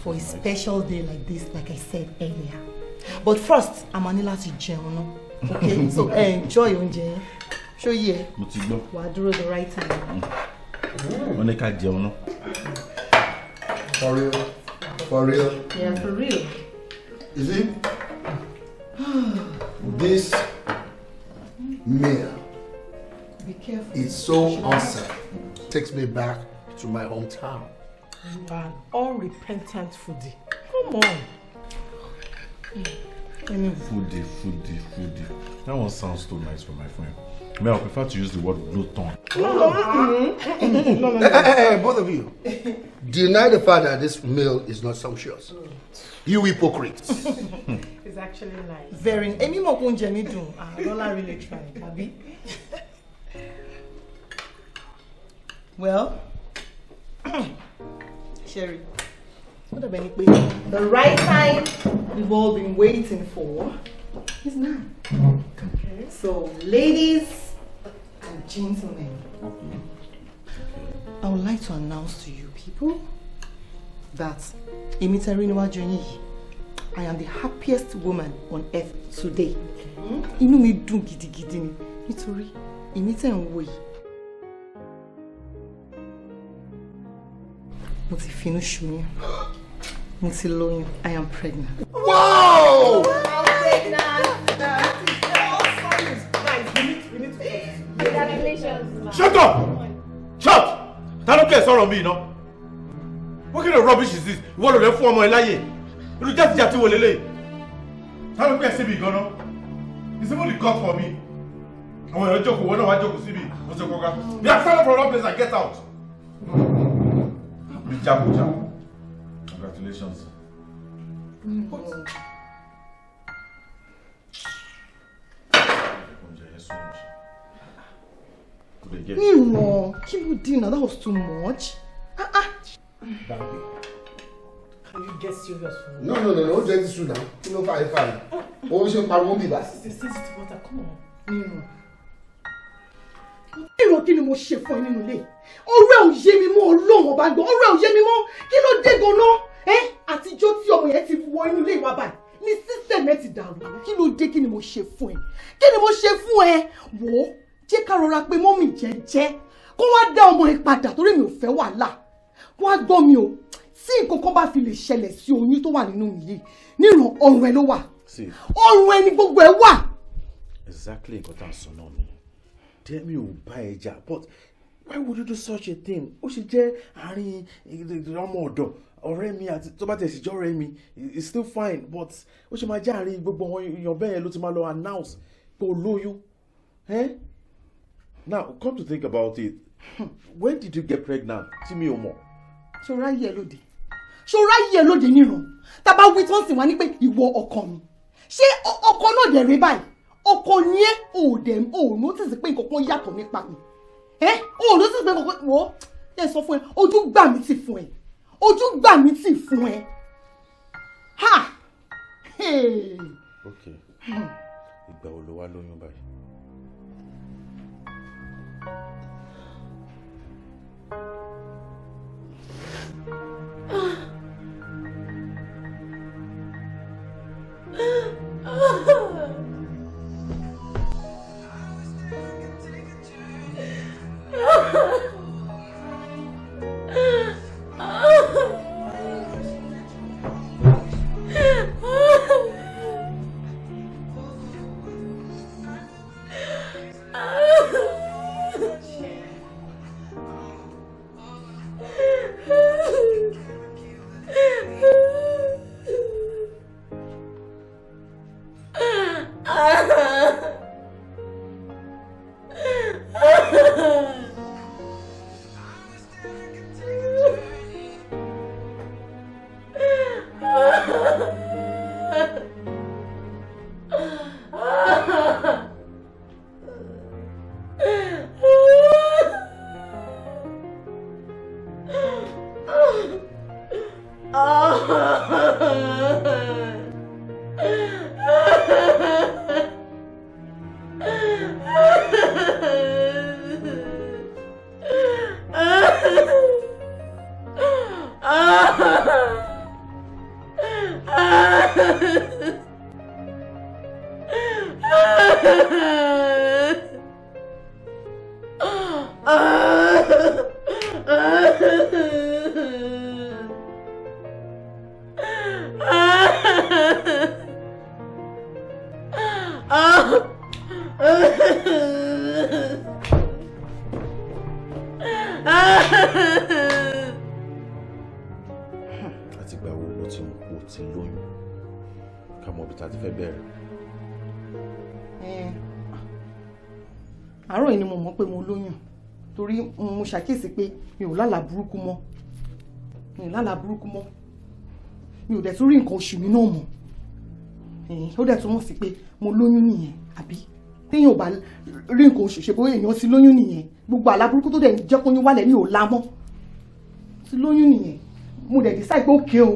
for a special day like this, like I said earlier. But first, I'm máa ní láti jẹun náà. Okay, so enjoy oúnjẹ yẹn. Ṣó yẹ? Mo ti gbọ́. Wà á the right time. Mm. Wọ́n ní For real? For real? Yeah, for real. Is it? this meal. Be careful. It's so awesome. Takes me back to my hometown. for an unrepentant foodie. Come on. Hmm. Any foodie, foodie, foodie. That one sounds too nice for my friend. May I prefer to use the word bloaton. No, no, no, Hey, both of you. Deny the fact that this meal is not sumptuous. You hypocrites. it's actually nice. Very. Emi mo kun jẹ mi I ah, really try? Well, Sherry. The right time we've all been waiting for is now. Okay. So, ladies and gentlemen, I would like to announce to you people that Emitariniwa Journey, I am the happiest woman on earth today. Mm-hmm. Inu me do gidi gidi ni nítorí èmi tẹ̀ ń wò mo ti finú ṣoyún mo ti lóyún i am pregnant. wow. shut up shut ta ló kẹ́ ẹ̀ sọ̀rọ̀ mi iná what kind of rubbish is this ìwọ ló lè fún ọmọ ẹ láyè irú jàtijàti wo lélẹ̀ ta ló kẹ́ ẹ̀ síbi gan-an is it only God for me àwọn èèyàn jókòó wọn náà wá jókòó síbi ọ̀sẹ̀ kọ̀ọ̀kan bí i sell from one place and get out. Mijakuja. Congratulations. Mm. What? Mimo, keep dinner. That was too much. Ah ah. Can you get serious for me? No, no, no, no. Don't get ah. this now. You know, fine, fine. Oh, we should pardon me, baby. Sister, sister, water. Come on. Mimo ìrò kí ni mo ṣe fún ẹ nínú ilé ọ̀rọ̀ ẹ ò yé mi mọ́ Ọlọ́run ọba gbọ́ ọ̀rọ̀ ẹ ò yé mi mọ́ kí ló dé ganan ẹ àtijọ́ tí ọmọ yẹn ti wọ inú ilé ìwà báyìí ní sísẹmẹ ti dàrú kí ló dé kí ni mo ṣe fún ẹ kí ni mo ṣe fún ẹ wò ó jẹ́ ká rọra pé mọ́mì jẹ́jẹ́ kó wá dá ọmọ ẹ padà torí mi ò fẹ́ wàhálà wá gbọ́ mi o tí nǹkan kan bá fi lè ṣẹlẹ̀ sí oyún tó wà nínú mi yìí níràn ọrùn ẹ ló wà ọrùn ẹ ni gbogbo ẹ wà. exactly nǹkan tá a sọ náà ni tẹ́mi ò bá ẹ jà but why would you do such a thing ó ṣe jẹ́ àárín ọmọ ọ̀dọ̀ ọ̀rẹ́ mi àti tó bá tẹ̀ sí jọ́rẹ́ mi it's still fine but ó ṣe máa jẹ́ àárín gbogbo àwọn èèyàn bẹ́ẹ̀ ló ti máa lọ announce pé o lóyún eh? now come to think about it when did you get pregnant tí mi ò mọ̀. ṣòra yẹ lóde ṣòra yẹ lóde nírun tá a bá wí tó ń sìn wá ní pé ìwọ ọkọ mi ṣé ọkọ náà dẹ̀ rí báyìí ọkọ yẹn ò dẹ̀ ò notice pé nǹkan kan nípa mi ẹ ò notice pé nǹkan kan ẹ sọ fún ẹ ojú gbà mí ti fún ẹ ojú gbà mí ti fún ẹ ha hey. ìgbà wo ló wá lóyún báyìí. Ah! ah! ah! àtìgbà wo ló ti lóyún ká mọ ibi tá a ti fẹ́ bẹ̀rẹ̀. pé mo lóyún torí mo ṣàkíyèsí pé mi ò lálàá burúkú mọ́ mi ò lálàá burúkú mọ́ mi ò dẹ̀ tún rí nǹkan oṣù mi náà mọ́ ó dẹ̀ tún mọ̀ sí pé mo lóyún nìyẹn àbí téèyàn ò bá rí nǹkan oṣù ṣe bóyá èèyàn ti lóyún nìyẹn gbogbo àlá burúkú tó dẹ̀ ń jẹ́ kóyún wálẹ̀ mi ò la mọ́ ti lóyún nìyẹn mo dẹ̀ decide pé òkè o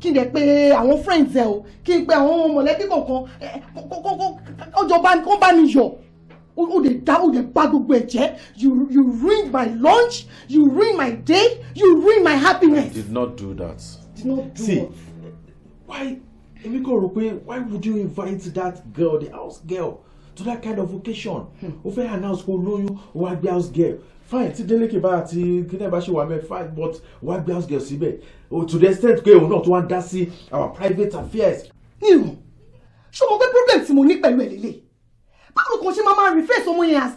kí n dẹ̀ pé àwọn friends ẹ o kí n pé àwọn mọ̀lẹ́bí kọ̀ọ̀kan ọjọ́ bá mi yọ̀ ó lè dá ó lè bá gbogbo ẹ̀ you you ruined my lunch you ruin my day you ruin my happiness. I did not do that. did not do See, what. why Emiko kò rò why would you invite that girl the house girl to that kind of occasion hmm. o fẹ́ announce kó lóyún o wá gbé house girl fine tí Délékè bá àti kíndé bá ṣe wà mẹ́ fine but o wá gbé house girl síbẹ̀ o to the extent pé òun náà tó wá ń dá our private affairs. ṣé o mọ̀ pé problem tí mo ní pẹ̀lú ẹ̀ lélẹ̀ báwo kan ṣe máa máa reface ọmọ yẹn as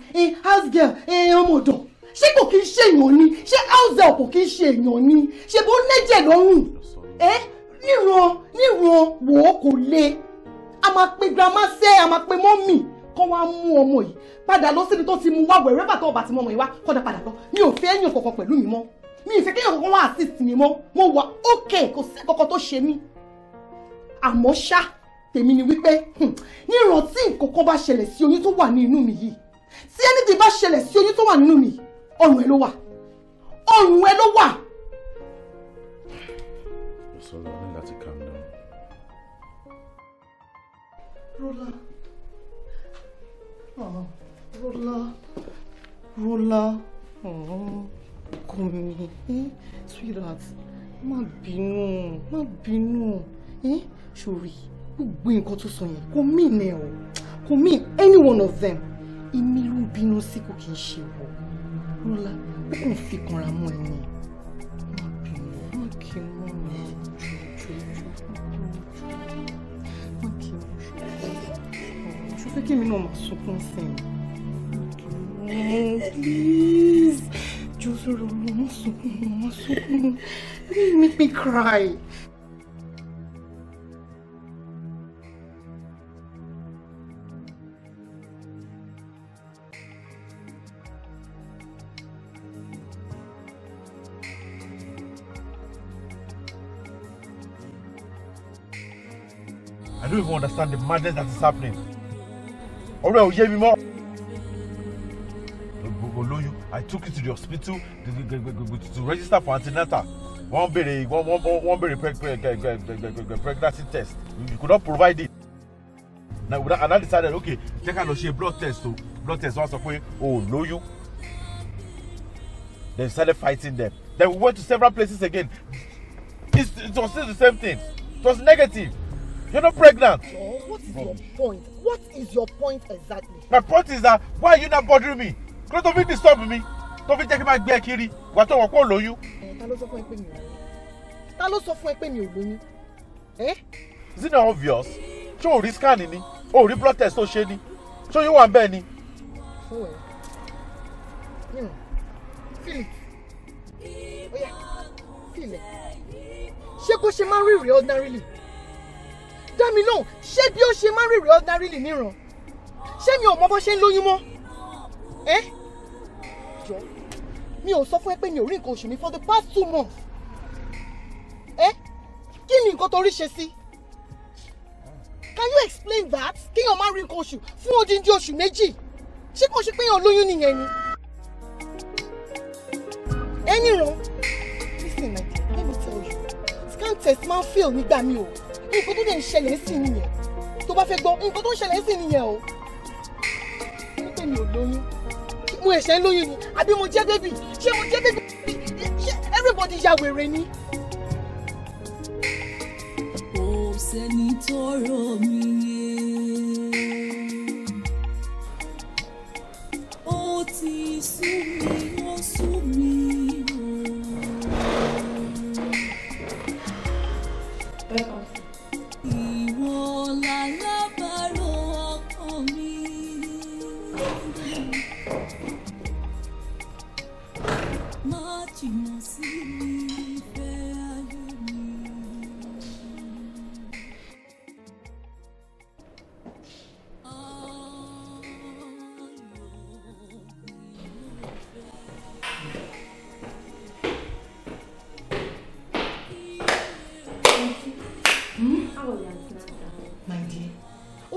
house girl ọmọ ọ̀dọ̀ ṣé kò kí ń ṣe èèyàn ni ṣé house girl kò kí ń ṣe èèyàn ni ṣe bó lẹ́jẹ̀ lọ́rùn ẹ níran níran wò ó kò le a máa pe grandma sẹ́ a máa pe mọ́mì kọ́ wá mú ọmọ yìí padà lọ síbi tó ti mú wá wẹ̀rẹ́ bàtọ́ ọba tí mo yìí wá kọ́dà padà lọ mi ò fẹ́ yàn kankan pẹ̀lú mi mọ́ mi ì fẹ́ kéèyàn kankan wá assist mi mọ́ mo wà okay kò sí kankan tó ṣe mí àmọ́ ṣá tèmi ni wípé hmm, níran tí nǹkan bá ṣẹlẹ̀ sí oyún tó wà ní inú mi yìí tí anything bá ṣẹlẹ̀ sí oyún tó wà nínú mi ọrùn ẹ ló wà ọrùn ẹ ló wà. mo ní láti calm down. Rola oh, Rola Rola kò oh, mí sweetheart má bínú má bínú eh, ṣòrí. Eh? gbogbo nǹkan tó sọ yẹn kò mí ìnẹ o kò mí any one of them èmi ló ń bínú sí kò kì í ṣe wọ lọ́la ó kàn fi kanra mọ́ ẹ ni. fẹ́ kí mi náà máa sunkún sí please jọ̀ọ́ sọ̀rọ̀ mo sunkún mo sunkún make me cry. don't even understand the madness that is happening. Ọ̀rẹ́ ò yé mi mọ́. Gbogbo lóyún, I took you to the hospital to register for antenatal. Wọ́n béèrè wọ́n béèrè pregnancy test. You could not provide it. Now, and I decided okay, jẹ́ ká lọ ṣe blood test o. Blood test wọ́n sọ pé o lóyún. They started fighting them. Then we went to several places again. it was still the same thing. It was negative. You're not pregnant. Oh, what is your point? What is your point exactly? My point is that why are you not bothering me? Kí ló tó fi disturb mi? Tó fi jẹ́ kí n máa gbé ẹ kiri? Wà á tó wọ̀ pé ò lóyún. Eh, ta ló sọ fún ẹ pé mi ò lóyún? Ta ló sọ fún ẹ pé mi ò lóyún? Eh? Is it not obvious? Ṣé o rí scan Oh O rí blood test tó ṣe ni? Ṣé oyún wà ń bẹ́ẹ̀ ni? Fún ẹ. Oh yeah. Philip. Ṣé kó ṣe máa ń rí rèé ordinarily? dá mi lóhùn ṣé bí ó ṣe máa ń rèrè ordinarily níran ṣé mi ò mọ bó ṣe ń lóyún mọ́ ẹ jọ mi ò sọ fún ẹ pé mi ò rí nǹkan oṣù mi for the past two months ẹ kí ni nǹkan tó rí ṣe sí can you explain that kéèyàn máa rí nǹkan oṣù fún odindi oṣù méjì ṣé kò ṣe pé èèyàn lóyún nìyẹn ni ẹni ràn listen my dear let me tell you scan test máa ń fail nígbà mi o nǹkan tó dẹ̀ ń ṣẹlẹ̀ sí nìyẹn tó bá fẹ́ gbọ́ nǹkan tó ṣẹlẹ̀ sí nìyẹn o mo pè mí ò lóyún mo ẹ̀ṣẹ̀ ń lóyún ni àbí mo jẹ́ bébì ṣé mo jẹ́ bébì ṣé everybody ya wèrè ni. kò sẹ́ni tó rò ti sú mi ó na na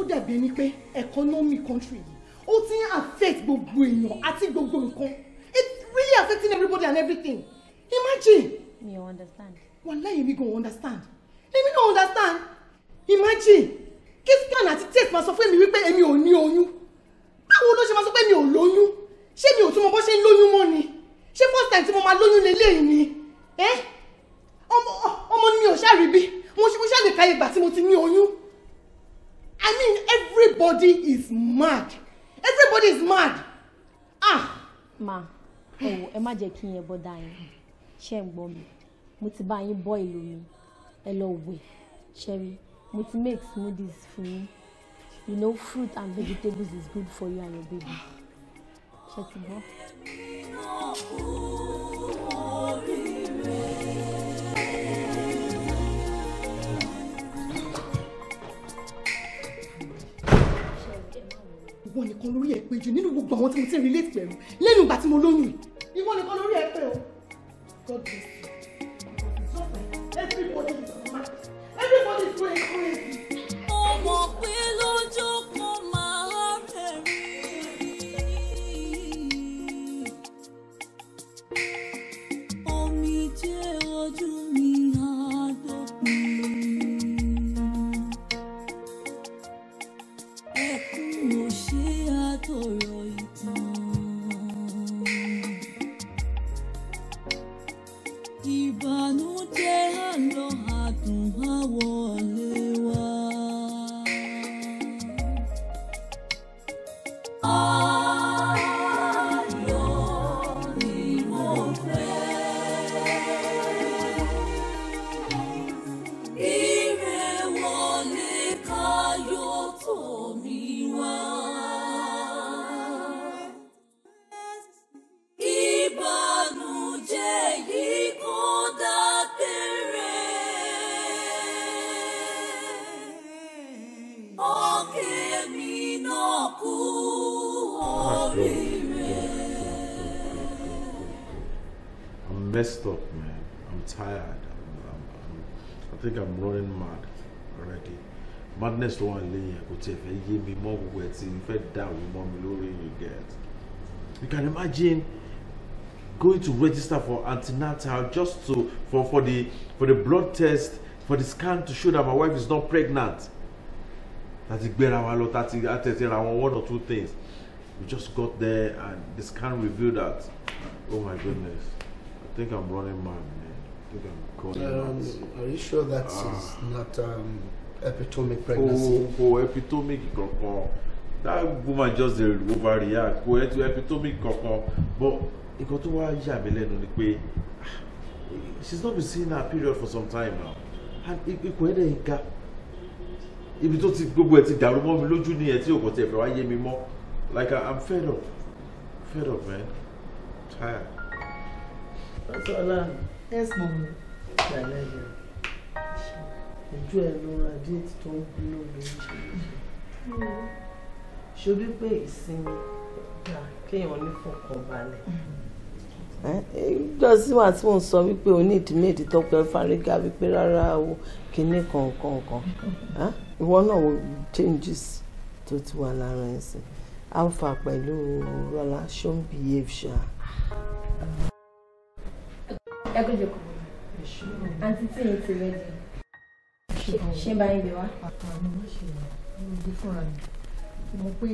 ó dàbí ẹni pé economy country yìí ó ti ń affect gbogbo èèyàn àti gbogbo nǹkan it's really affecting everybody and everything imagine. mi ò understand. wàláyé mi gan understand èmi náà understand imagine kí scan àti test máa sọ fún mi wípé èmi ò ní oyún báwo ló ṣe máa sọ pé mi ò lóyún ṣé mi ò tún mọ bó ṣe ń lóyún mọ́ ni ṣé first time tí mo máa lóyún lélẹ́yìn ni ọmọ ni mi ò ṣàríbí mo ṣe mo ṣàlè káyé ìgbà tí mo ti ní oyún. I mean, everybody is mad. Everybody is mad. Ah! Ma, Oh, wò, ẹ má jẹ́ kí n yẹn bọ́dà yín. Ṣé ń gbọ́ mi? Mo ti bá yín bọ́ make smoothies for me. You know, fruit and vegetables is good for you and your baby. Ṣé ti ìwọ nìkan lórí ẹ pé jù nínú gbogbo àwọn tí mo ti ń relate pẹ̀lú lẹ́nu ìgbà tí mo lóyún ìwọ nìkan lórí ẹ pé o. God bless you. Everybody is mad. Everybody is crazy. Let's stop, man. I'm tired. I'm, I'm, I'm, I think I'm running mad already. Madness to wà lẹ́yìn kò tiẹ̀ fẹ́ yé mi mọ́ gbogbo ẹ̀ tí ìfẹ́ dàrú mọ́ mi lórí you get. You can imagine going to register for antenatal just to for for the for the blood test for the scan to show that my wife is not pregnant láti gbéra wa lọ láti àtẹ̀tẹ̀ ra one or two things we just got there and the scan revealed that oh my goodness think I'm running mad. I think I'm calling um, Are you sure that ah. is not um, epitomic oh, pregnancy? Oh, oh epitomic kankan. That woman just dey overreact. Kò oh, ẹ ti epitomic kankan. But nǹkan tó wá yà mí lẹ́nu ni ah, she's not been seeing her period for some time now. And if ẹ̀ dẹ̀ ń if Ibi tó ti gbogbo ẹ̀ ti dàrú mọ́ mi lójú nìyẹn tí òkò tẹ̀ fẹ́ wá yé mi mọ́. Like I'm fed up. Fed up, man. Tired. Fasola. Yes, mom. Ìgbàlẹ́ rẹ̀. Ojú ẹ̀ ló ra déètì tó ń gbóná lóríṣiríṣi. Ṣo bí pé ìsinmi gbà kéèyàn nífọ̀kànbalẹ̀? Ìjọ sí wà tí mò ń sọ wípé o ní ìdímèdì tọ́pẹ́ fárígá wípé rárá o kìíní kankan kan. Ìwọ náà wo changes tó ti wà lára ẹ̀sìn. Alpha pẹ̀lú Rọ́lá ṣó behave ṣáá ẹgbẹ́ jẹ́ kò àǹtí tí èyí ti rẹ̀ di ṣé bá yín bẹ̀ wá. àtàwọn ọmọ ṣe mo gbé fúnra mi mo pé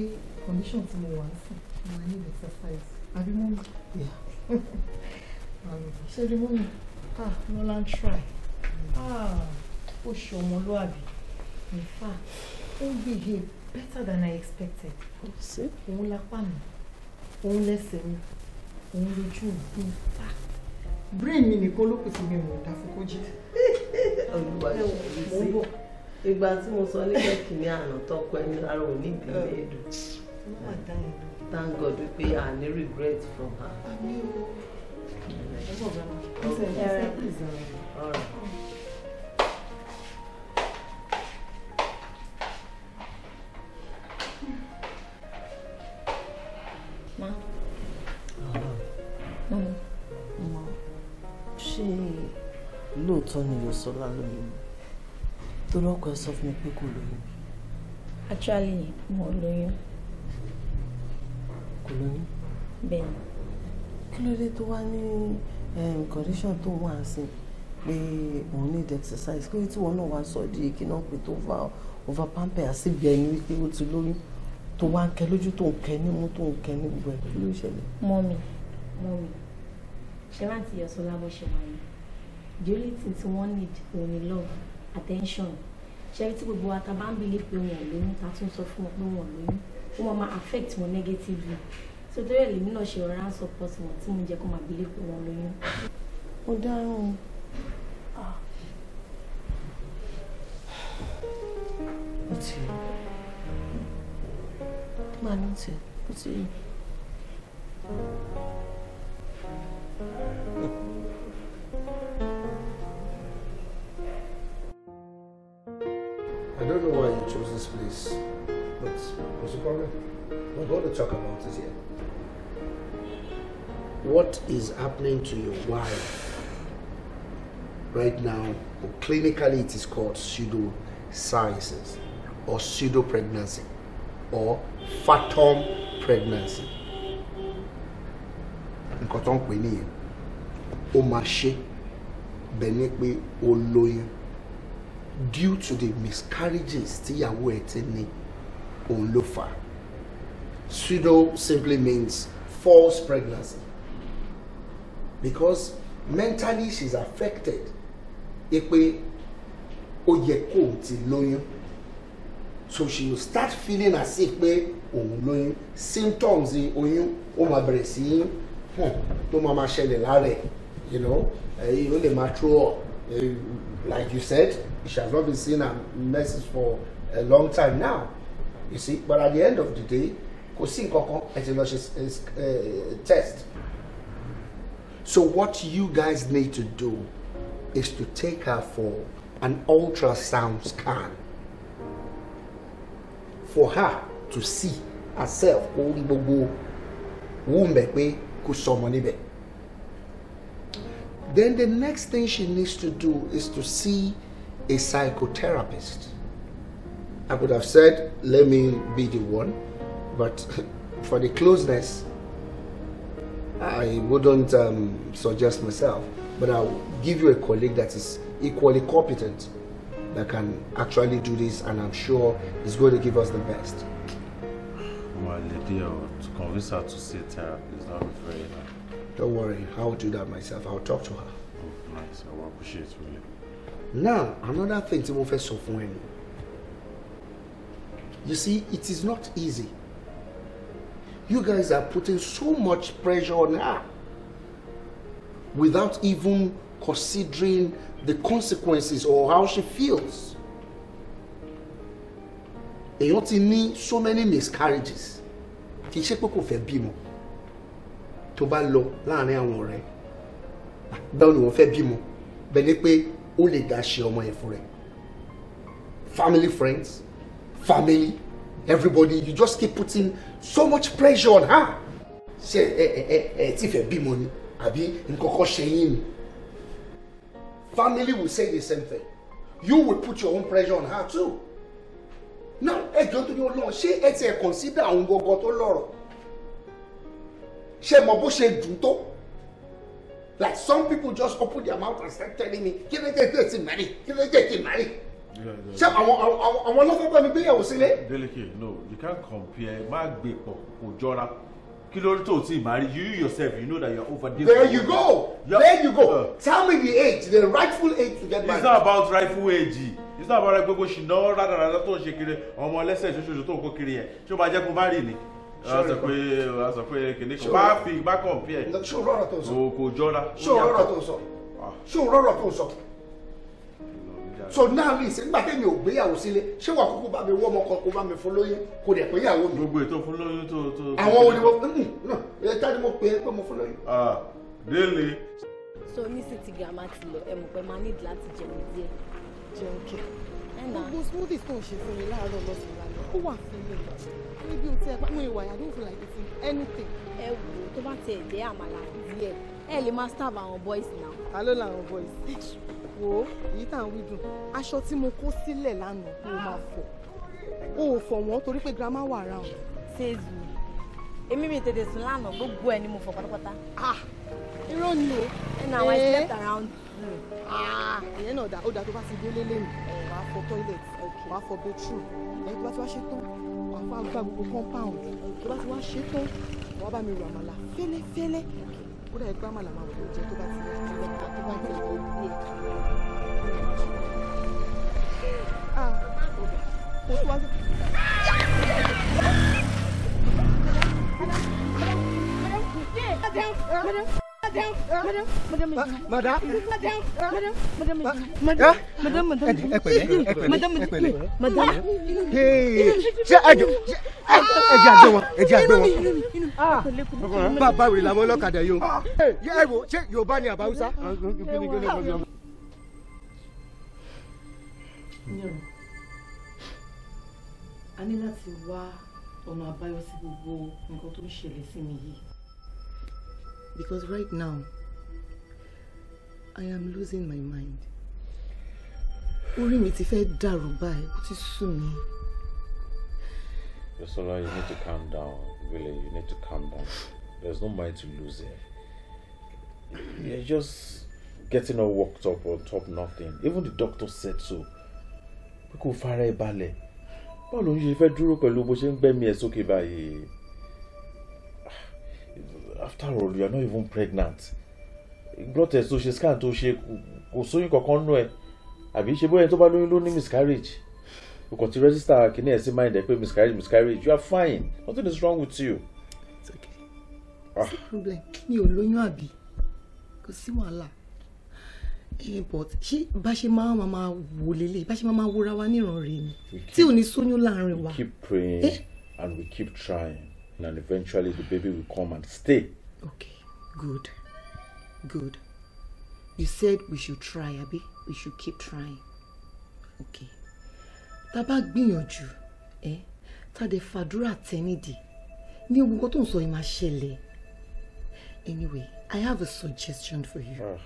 condition tí mo wà ń ah lọ́la ń try ah ó ṣe in fact ó behave better than I expected òun lápá mi òun lẹ́sẹ̀ mi òun lójú mi in fact brain mi nìkan ló kù sí mi ò dá Fokoji. olùwà ìgbà tí mo sọ nígbà kìíní àná tọkọ ẹni rárá ò ní ìbílẹ̀ èdò thank God wípé I no regret from her. All lóòótọ́ ni Yọ̀sọ́lá lóyún torí ọkọ ẹ sọ fún mi pé kò lóyún. actually mo lóyún. kò lóyún. bẹ́ẹ̀ kí ló dé tó wá ní eh, condition tó wà sí pé òun need exercise kí ló tí wọn náà wá sọ di kí náà pé tó va over pamper àsìbí ẹni wípé ó ti lóyún tó wá ń kẹ lójú tó ń kẹ nímú tó ń kẹ ní gbogbo ẹ kí ló ṣẹlẹ̀. mọ́mi mọ́mi ṣe láti Yọ̀sọ́lá bó ṣe wáyé the only thing tí wọ́n need òun ni love attention ṣẹ́rí tí gbogbo wa ta bá ń believe pé wọn ò lóyún ta tún sọ fún wọn pé wọn lóyún ó máa máa affect wọn negatively so torí ẹ̀ lèmi náà ṣe ọ̀rá support wọn tí mo jẹ́ kó máa believe pé wọn lóyún. mo dáhùn ó ti máa ní tẹ ó ti. we're going to talk about it here. What is happening to your wife right now? clinically, it is called pseudo pseudosciences or pseudo pregnancy or phantom pregnancy. Nǹkan tó ń pè nìyẹn, ó máa ṣe due to the miscarriages tíyàwó ẹ̀ ti ní òun ló fà á pseudo simply means false pregnancy because mentally she's affected e pé ó yẹ ti lóyún so she will start feeling as if pé òun lóyún symptoms oyún ó máa bẹ̀rẹ̀ sí í hàn hmm, tó máa máa ṣẹlẹ̀ lára ẹ̀ you know ó lè máa throw up like you said she has not been seen a message for a long time now you see but at the end of the day kò sí nǹkan test. So what you guys need to do is to take her for an ultrasound scan for her to see herself kó bogo gbogbo wúmbẹ̀ pé níbẹ̀. Then the next thing she needs to do is to see a psychotherapist. I could have said, let me be the one. But for the closeness, I wouldn't um, suggest myself. But I'll give you a colleague that is equally competent that can actually do this and I'm sure is going to give us the best. Well, Lydia, to convince her to sit here is not very hard. Don't worry, I'll do that myself. I'll talk to her. Oh, nice. I will appreciate it, really. Now, another thing to move for sọ You see, it is not easy You guys are putting so much pressure on her without even considering the consequences or how she feels. Èèyàn ti ní so many miscarriages. Kì í ṣe pé kò fẹ́ bímọ. Tó bá lọ láàrin àwọn ọ̀rẹ́. Báwo ni wọ́n fẹ́ bímọ? Bẹ́ẹ̀ ni pé ó lè dá ṣe ọmọ yẹn fún rẹ̀. Family friends, family, everybody, you just keep putting so much pressure on her ṣe ẹ ẹ ẹ ẹ tí fẹ́ bímọ ni àbí nǹkan kan ni family will say the same thing you will put your own pressure on her too now ẹjọ́ tó ní ọlọ́run ṣé ẹ ti ẹ̀ consider àwọn gbọ̀ngàn tó lọ́rọ̀ ṣe mọ bó ṣe dùn tó like some people just open their mouth and start telling me kí ló dé tí o ti marry kí ló dé tí o ti marry ṣé àwọn àwọn ọlọ́fẹ́fẹ́ mi gbéyàwó sílé. Deleke no you can't compare má gbé pọ̀ kò jọra kí ló tó tí marry you yourself you know that you are over there. there you go yep. there you go uh, tell me the age the rightful age to get married. it's not about rightful age it's not about gbogbo ṣìnà rádaràdà tó ń ṣe kiri ọmọ ẹlẹ́sẹ̀ ṣoṣooṣo tó ń kó kiri yẹn ṣé o máa jẹ́ kó má rí ni a sọ pé a sọ pé kìnìún kan bá fi bá compare. ṣé o rọrọ tó sọ. kò jọra. ṣé o rọrọ tó sọ. ṣé o rọrọ tó sọ so now ní ìsìn nígbà tẹ́mi ò gbéyàwó sílé ṣé wà kúkú bá mi wọ́ ọmọ kan kó bá mi fún lóyún kó dẹ̀ pé ìyàwó mi. gbogbo ètò fún lóyún tó tó. àwọn wo ni mo mm, mm, náà ẹ tá ni mo pè é pé mo fún lóyún. délé. Ah, so nísìnyí ti gàmá ti lọ ẹ mọ̀ pé máa nídìí láti jẹun díẹ̀ jẹun kí. Uh, gbogbo smoothies tó ń ṣe fún mi láàárọ̀ lọ́sàn-án lálẹ́ ó wà fún mi níbi tí ẹ bá mú ìwà I don't feel like eating anything. ẹ wò tó bá tiẹ̀ jẹ́ àmàlà díẹ̀ ẹ lè máa starve our boys now. ta ló our boys. wo èyí tá à ń wí dùn aṣọ tí mo kó sílẹ̀ lánàá kó o máa fọ̀ o ò fọ̀ wọ́n torí pé grandma wà ra wọn. ṣéèzù èmi mi tètè sùn lánàá gbogbo ẹ ni mo fọ̀ pátápátá. Ah! irọ́ ni o. ẹnu àwọn ẹ slept around two. Ah! ìyẹn náà dá ó dá tó bá ti délé lẹ́nu eh, wàá fọ̀ toilet wàá fọ̀ bathroom ẹ̀yìn eh, tó bá ti wá ṣe tán wàá fọ̀ àgbà gbogbo compound tó bá ti wá ṣe tán wàá bá mi rò àmàlà fẹ́lẹ́fẹ́lẹ́ kódà ẹgbẹ́ àmàlà máa wọ̀ lóúnjẹ tó bá ti wá ṣe tán tó bá ti wá ṣe tán. ẹjẹ àgbẹ wọn ẹjẹ àgbẹ wọn bàbá wìrì làwọn ọlọ́kadà yìí o ẹ wo ṣé Yorùbá ni àbáwúsá yan a ní láti wá ọ̀nà àbáyọ sí gbogbo nǹkan tó ń ṣẹlẹ̀ sí mi yìí. because right now I am losing my mind orí mi ti fẹ́ dàrú báyìí ó ti sú mi. Yosola you need to calm down really you need to calm down There's no mind to lose here you just getting all worked up on top nothing even the doctor said so pé fara ẹ balẹ̀ báwo ló fẹ́ dúró pẹ̀lú bó ṣe ń gbẹ́mí ẹ sókè báyìí after all you are not even pregnant blood test tó ṣe scan tó ṣe kò sóyún kankan nú ẹ àbí ṣe bóyá tó bá lóyún ló ní miscarriage o kò ti register kìíní ẹ sí mind ẹ pé miscarriage miscarriage you are fine nothing is wrong with you. it's okay. ah. mi ò lóyún àbí kò sí wàhálà yeah but ṣé bá ṣe máa ma ma wò lélẹ̀ bá ṣe ma wòra wa níran rè ni tí ò ní sóyún láàrin wa. we keep praying eh? and we keep trying and eventually the baby will come and stay. okay good good you said we should try abi we should keep trying okay tá a bá gbìyànjú ẹ tá a dẹ̀ fàdúrà tẹ́ ní ogun kan tó ń sọ yìí máa ṣẹlẹ̀ anyway i have a suggestion for you. Uh.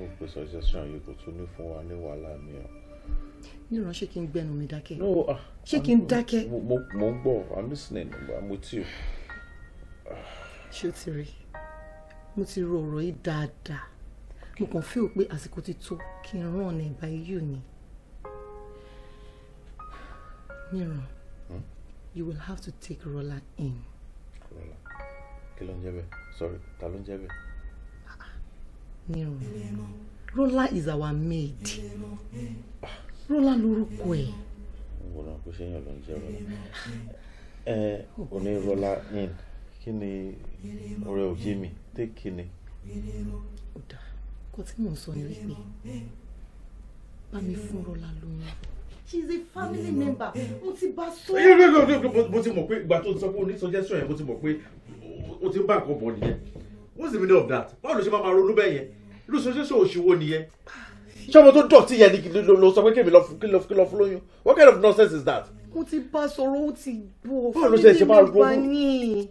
hope pé suggestion yìí kò tún ní fún wa ní wàhálà mi o. níran ṣé kí n gbẹnu mi dákẹ́. no ah ṣé kí n dákẹ́. mo ń gbọ́ i'm listening i'm with you. ṣé o ti rí mo ti ro ọ̀rọ̀ yìí dáadáa mo kàn feel pé àsìkò ti tó kí n rán ọ̀nà ìgbà yìí ò ní. níran hmm? you will have to take Roland in. Roland kí ló ń jẹ́ bẹ́ẹ̀ sorry ta ló ń jẹ́ bẹ́ẹ̀ nírun Rola is our maid Rola lórúkọ ẹ. wọ́n náà kò sẹ́yìn ló ń jẹ́ Rola ẹ òní Rola in kí ni ọ̀rẹ́ òye mi tẹ́ kí ni. ó dáa kó tí mò ń sọ ni wípé bá mi fún Rola lóyún. She is a family member. Mo ti bá sọ. Ẹ ẹ ẹ mo ti mọ̀ pé ìgbà tó sọ pé o ní suggestion yẹn mo ti mọ̀ pé o ti ń bá nǹkan bọ̀ nìyẹn. What's the meaning of that? Báwo ló ṣe máa ma ronú bẹ́ẹ̀ yẹn? lóṣooṣoṣo òṣìwò nìyẹn ṣọmọ tó dọ̀tí yẹn ni ló sọ pé kèmí lọ fún lóyún what kind of nonsense is that. mo ti bá sọ̀rọ̀ ó ti bò fún mi ní ìgbà ní.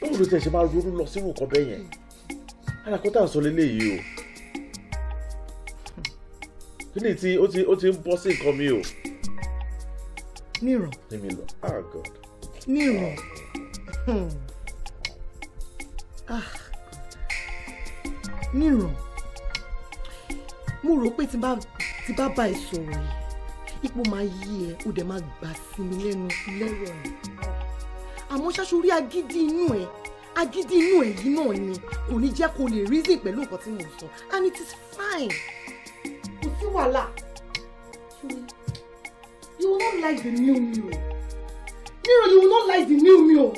báwo ló ṣe ṣe máa ronú lọ sínú nǹkan bẹ́ẹ̀ yẹn alákọ̀ọ́tà sọ lélẹ́yìí o kí ni tí ó ti ń bọ́ sí nǹkan mi o. nírọ̀ nírọ̀. Oh oh hmm. ah níràn mo rò pé tí bá tí bá bá ẹ sọ̀rọ̀ yìí ipò máa yí ẹ ó dẹ̀ máa gbà sí mi lẹ́nu lẹ́rọ̀ ẹ̀ àmọ́ ṣáṣú rí agídí inú ẹ agídí inú ẹ yìí náà ni kò ní jẹ́ kó lè reason pẹ̀lú nǹkan tí mo sọ and it is fine kò sí wàhálà you will not like the new me o Miro you will not like the new me o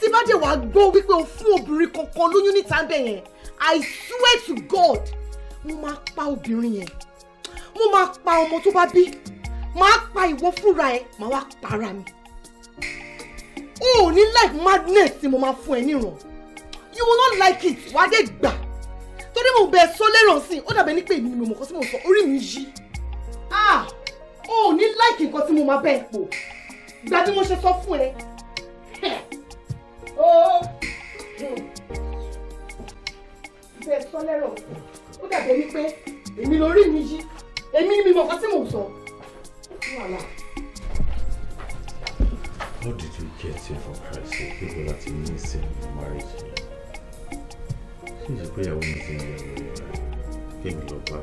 tí bá dé wàá gbọ́ wípé o fún obìnrin kankan lóyún níta bẹ́ẹ̀ yẹn I swear to God mo máa pa obìnrin yẹn mo máa pa ọmọ tó bá bí máa pa ìwọ fúnra ẹ máa wá para mi o ò ní like madness tí mo máa fún ẹ níran you will not like it wàá dé gbà torí mo bẹ sọ lẹ́ràn sí i ó dàbẹ̀ ní pé èmi ni mo mọ̀ kọ́ sí mo sọ orí mi yí ah o ò ní like nǹkan tí mo máa bẹ́ẹ̀ pò gba bí mo ṣe sọ fún ẹ. Oh. Mm fẹ́ sọ lẹ́rọ̀ ó dàbí ẹni pé èmi lórí mi yí èmi ni mi mọ̀ nǹkan tí mò ń sọ. How did you get here for Christ's sake? People that you miss in marriage. Ṣé ìṣèpéyàwó mi ti ń yẹ ọ̀rọ̀ rẹ̀? Kí ni lọ bá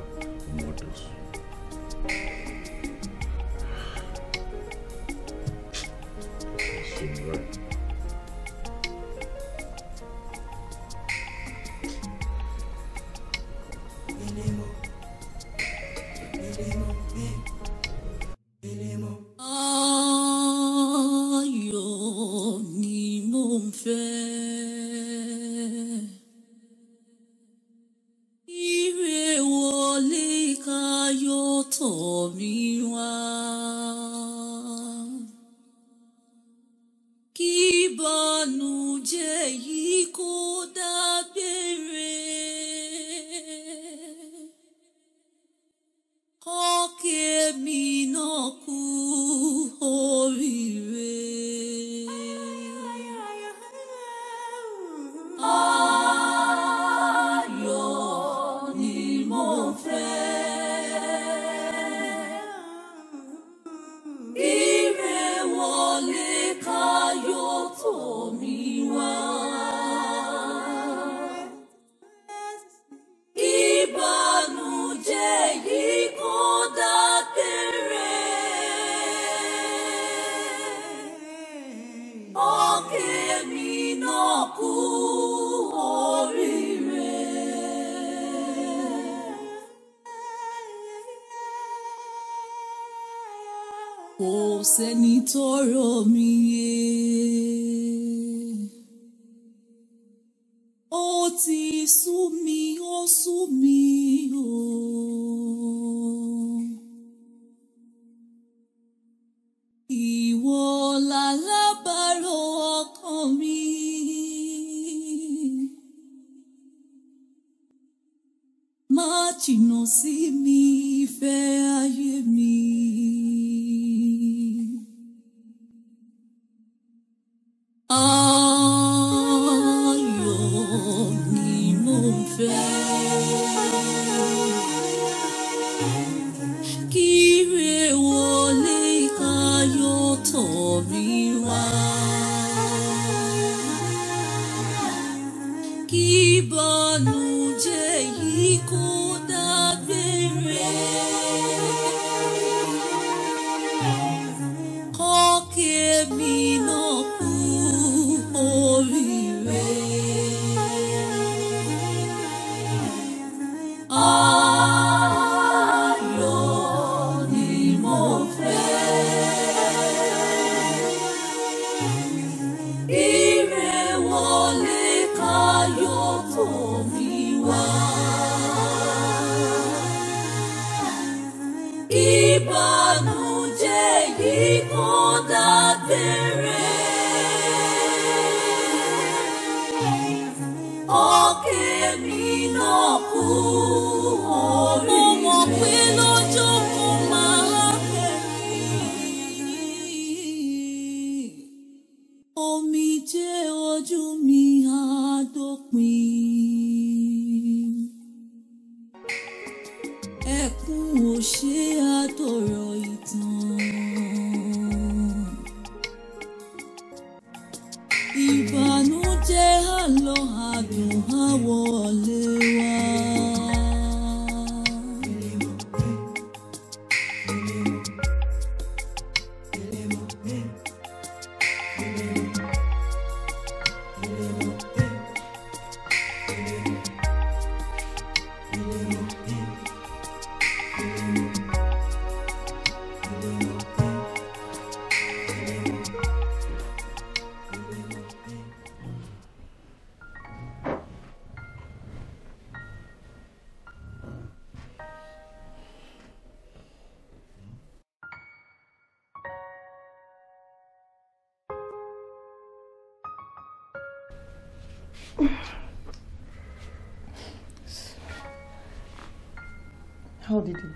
You sí mi see me mi.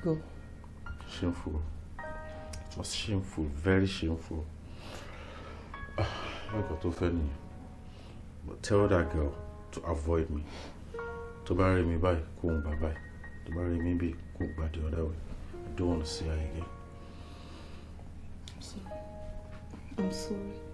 go. Shameful. It was shameful, very shameful. I got offended. But tell that girl to avoid me. To marry me bye, come bye bye. To marry me be, come by the other way. I don't want to see her again. I'm sorry. I'm sorry.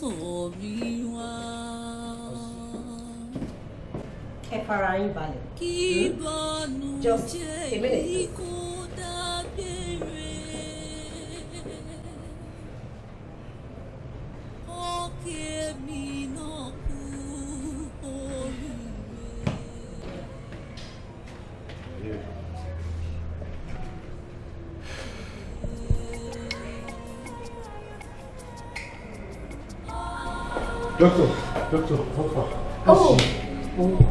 tọ̀ mí wá. ẹ fara yín balẹ̀. kí bọ́ọ̀nù jẹ́ èyí Doctor, doctor, doctor. Oh. Oh, oh,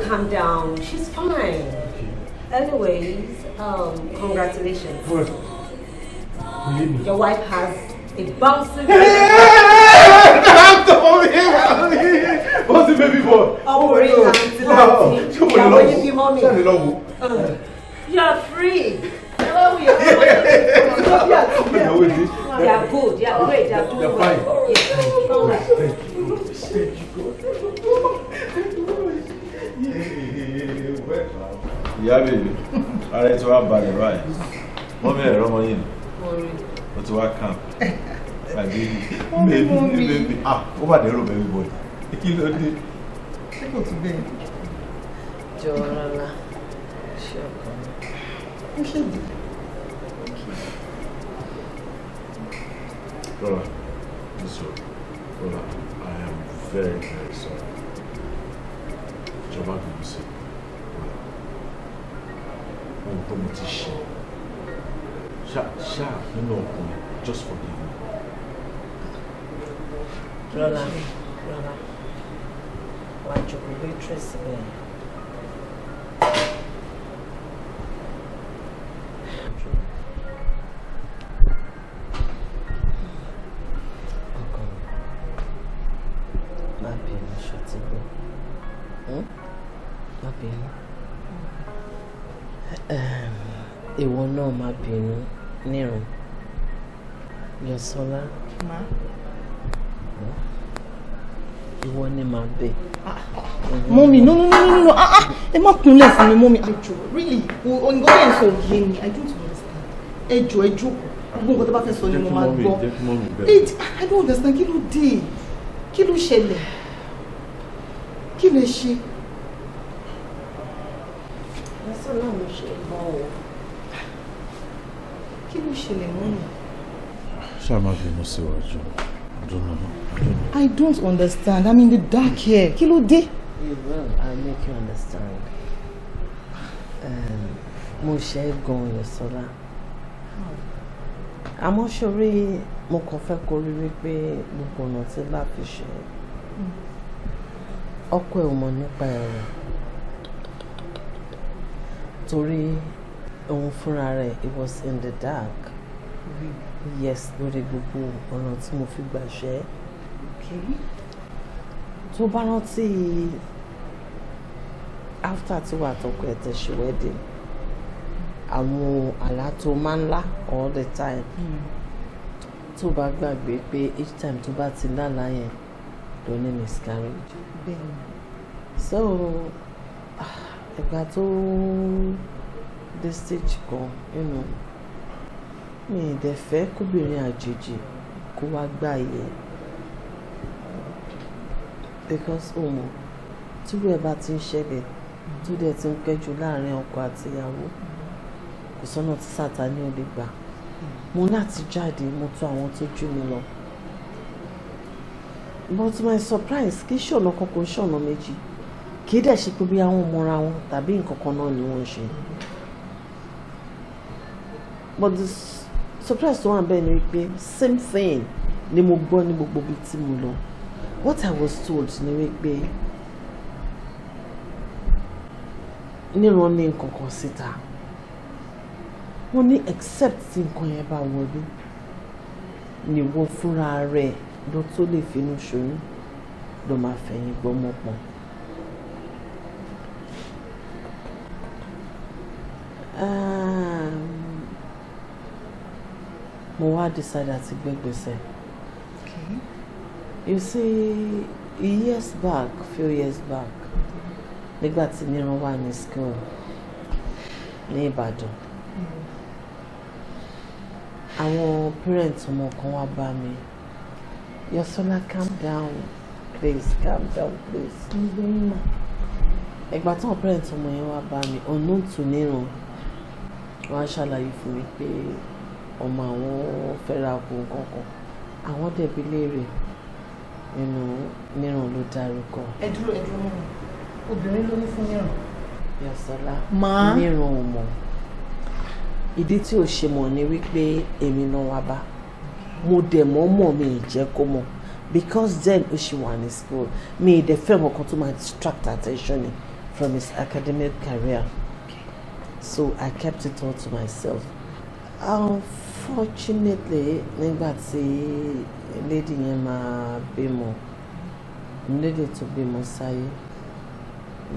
oh calm down. She's fine. Okay. Anyways, um, congratulations. What? Your wife has a bouncing. What's the baby boy? Oh, oh, oh, oh, oh, You are free. Hello, you are free. You are good. You are great. You are fine. well. ìyá bèbè ara ẹ ti wá balẹ̀ báyìí mọ́mí ẹ̀rọ ọmọ yìí ó ti wá kàn pàdé bèbè bèbè ah ó bàdé rò bèbè bọ̀ kí ló dé. ṣé kò tún bẹ́ẹ̀. jọ̀ọ́rọ̀lá ṣe ọkọ mi. ó ṣèjì. Go on. This one. Well, I am very, very sorry. Ìjọba kò sí. tó mo ti ṣe. Ṣáà just for the Rọ́lá, Rọ́lá, wàá jókòó lé Tracy Thank you. ìwọ náà má bínú nírun Yọ̀sọ́lá ìwọ ni màá bẹ̀. Ah. mọ́mí no no no no no ah ah ẹ má kúnlẹ̀ fún mi mọ́mí. ẹjọ really òyìnbó yẹn sọ yé mi i don't understand ẹjọ ẹjọ gbogbo nǹkan tó bá fẹ́ sọ ni mo máa gbọ́ i don't understand kí ló dé kí ló ṣẹlẹ̀ kí lè ṣe. Yọ̀sọ́lá mi ṣe mọ́ o ṣẹlẹ̀ mọ́ mi. ṣáà má bínú síwájú i don't know i don't understand i'm in the dark here kí ló dé. i'll make you understand. Um, mo go é your an I'm àmọ́ ṣorí mo kàn fẹ́ kó rí wípé gbogbo ọ̀nà tí bá fi ṣe ọkọ ẹ̀ ò mọ̀ nípa ẹ̀rọ torí òun fúnra it was in the dark yes lórí gbogbo ọ̀nà tí mo fi gbà ṣẹ́ tó bá rántí after tí wàá tọkọ ẹ̀ tẹ̀ ṣe wedding àwọn àlá tó máa ń lá all the time hmm. tó bá gbàgbé pé each time tó bá ti lálàá yẹn ló ní miscarriage so ah, ìgbà tó dé stage kan you know, mi ì dẹ̀ fẹ́ kóbìnrin àjèjì kó wá gbà yẹ because o mọ̀ tíwú ẹ̀ bá ti ń ṣẹlẹ̀ tó dẹ̀ ti ń pẹ́jù láàrin ọkọ àti ìyàwó kò sọ́nà tí Sàtánì ò lè gbà mo láti jáde mo tọ̀ àwọn tó jù mí lọ but my surprise kì í ṣọ̀nà kan kò ń ṣọ̀nà méjì kì í dẹ̀ ṣe pé bí àwọn ọmọra wọn tàbí nǹkan kan náà ni wọ́n ń ṣe but this surprise tó wà ń bẹ́ẹ̀ ni wípé same thing ni mo gbọ́ ní gbogbo ibi tí mo lọ what i was told ni wípé níran ní nǹkan kan síta wọ́n ní except tí nǹkan yẹn bá wọlé ni wọ́n fúnra rẹ̀ lọ tó lè finú ṣoyún ló máa fẹ̀yìn gbọ́mọ pọ̀n. Um, ah mo wá decide àti gbé gbèsè. Okay. you see years back few years back nígbà tí Mìíràn wà ní school ní Ìbàdàn àwọn parents ọmọ kan wá bá mi Yọ̀sọ́lá calm down please calm down please. ẹgbà táwọn parents ọmọ yẹn wá bá mi unknown to Mìíràn wọ́n á ṣàlàyé fún mi pé ọmọ àwọn fẹ́ra kù kankan àwọn dẹ̀bi léèrè nínú Níran ló dárúkọ. ẹ dúró ẹ dúró mọ́ obìnrin ló ní fún Níran. Yọ̀sọ́lá Níran ò mọ̀ ìdí tí ò ṣe mọ̀ ni wípé èmi náà wá bá mo dẹ̀ mọ́ mọ̀ mi ì jẹ́ kó mọ̀ because then ó ṣì wà ní school mi ì dẹ̀ fẹ́ mọ̀ kan tó máa distract attention ni from his academic career so I kept it all to myself. Um, fortunately nígbà tí lady yẹn máa bímọ lady tó bímọ sáyé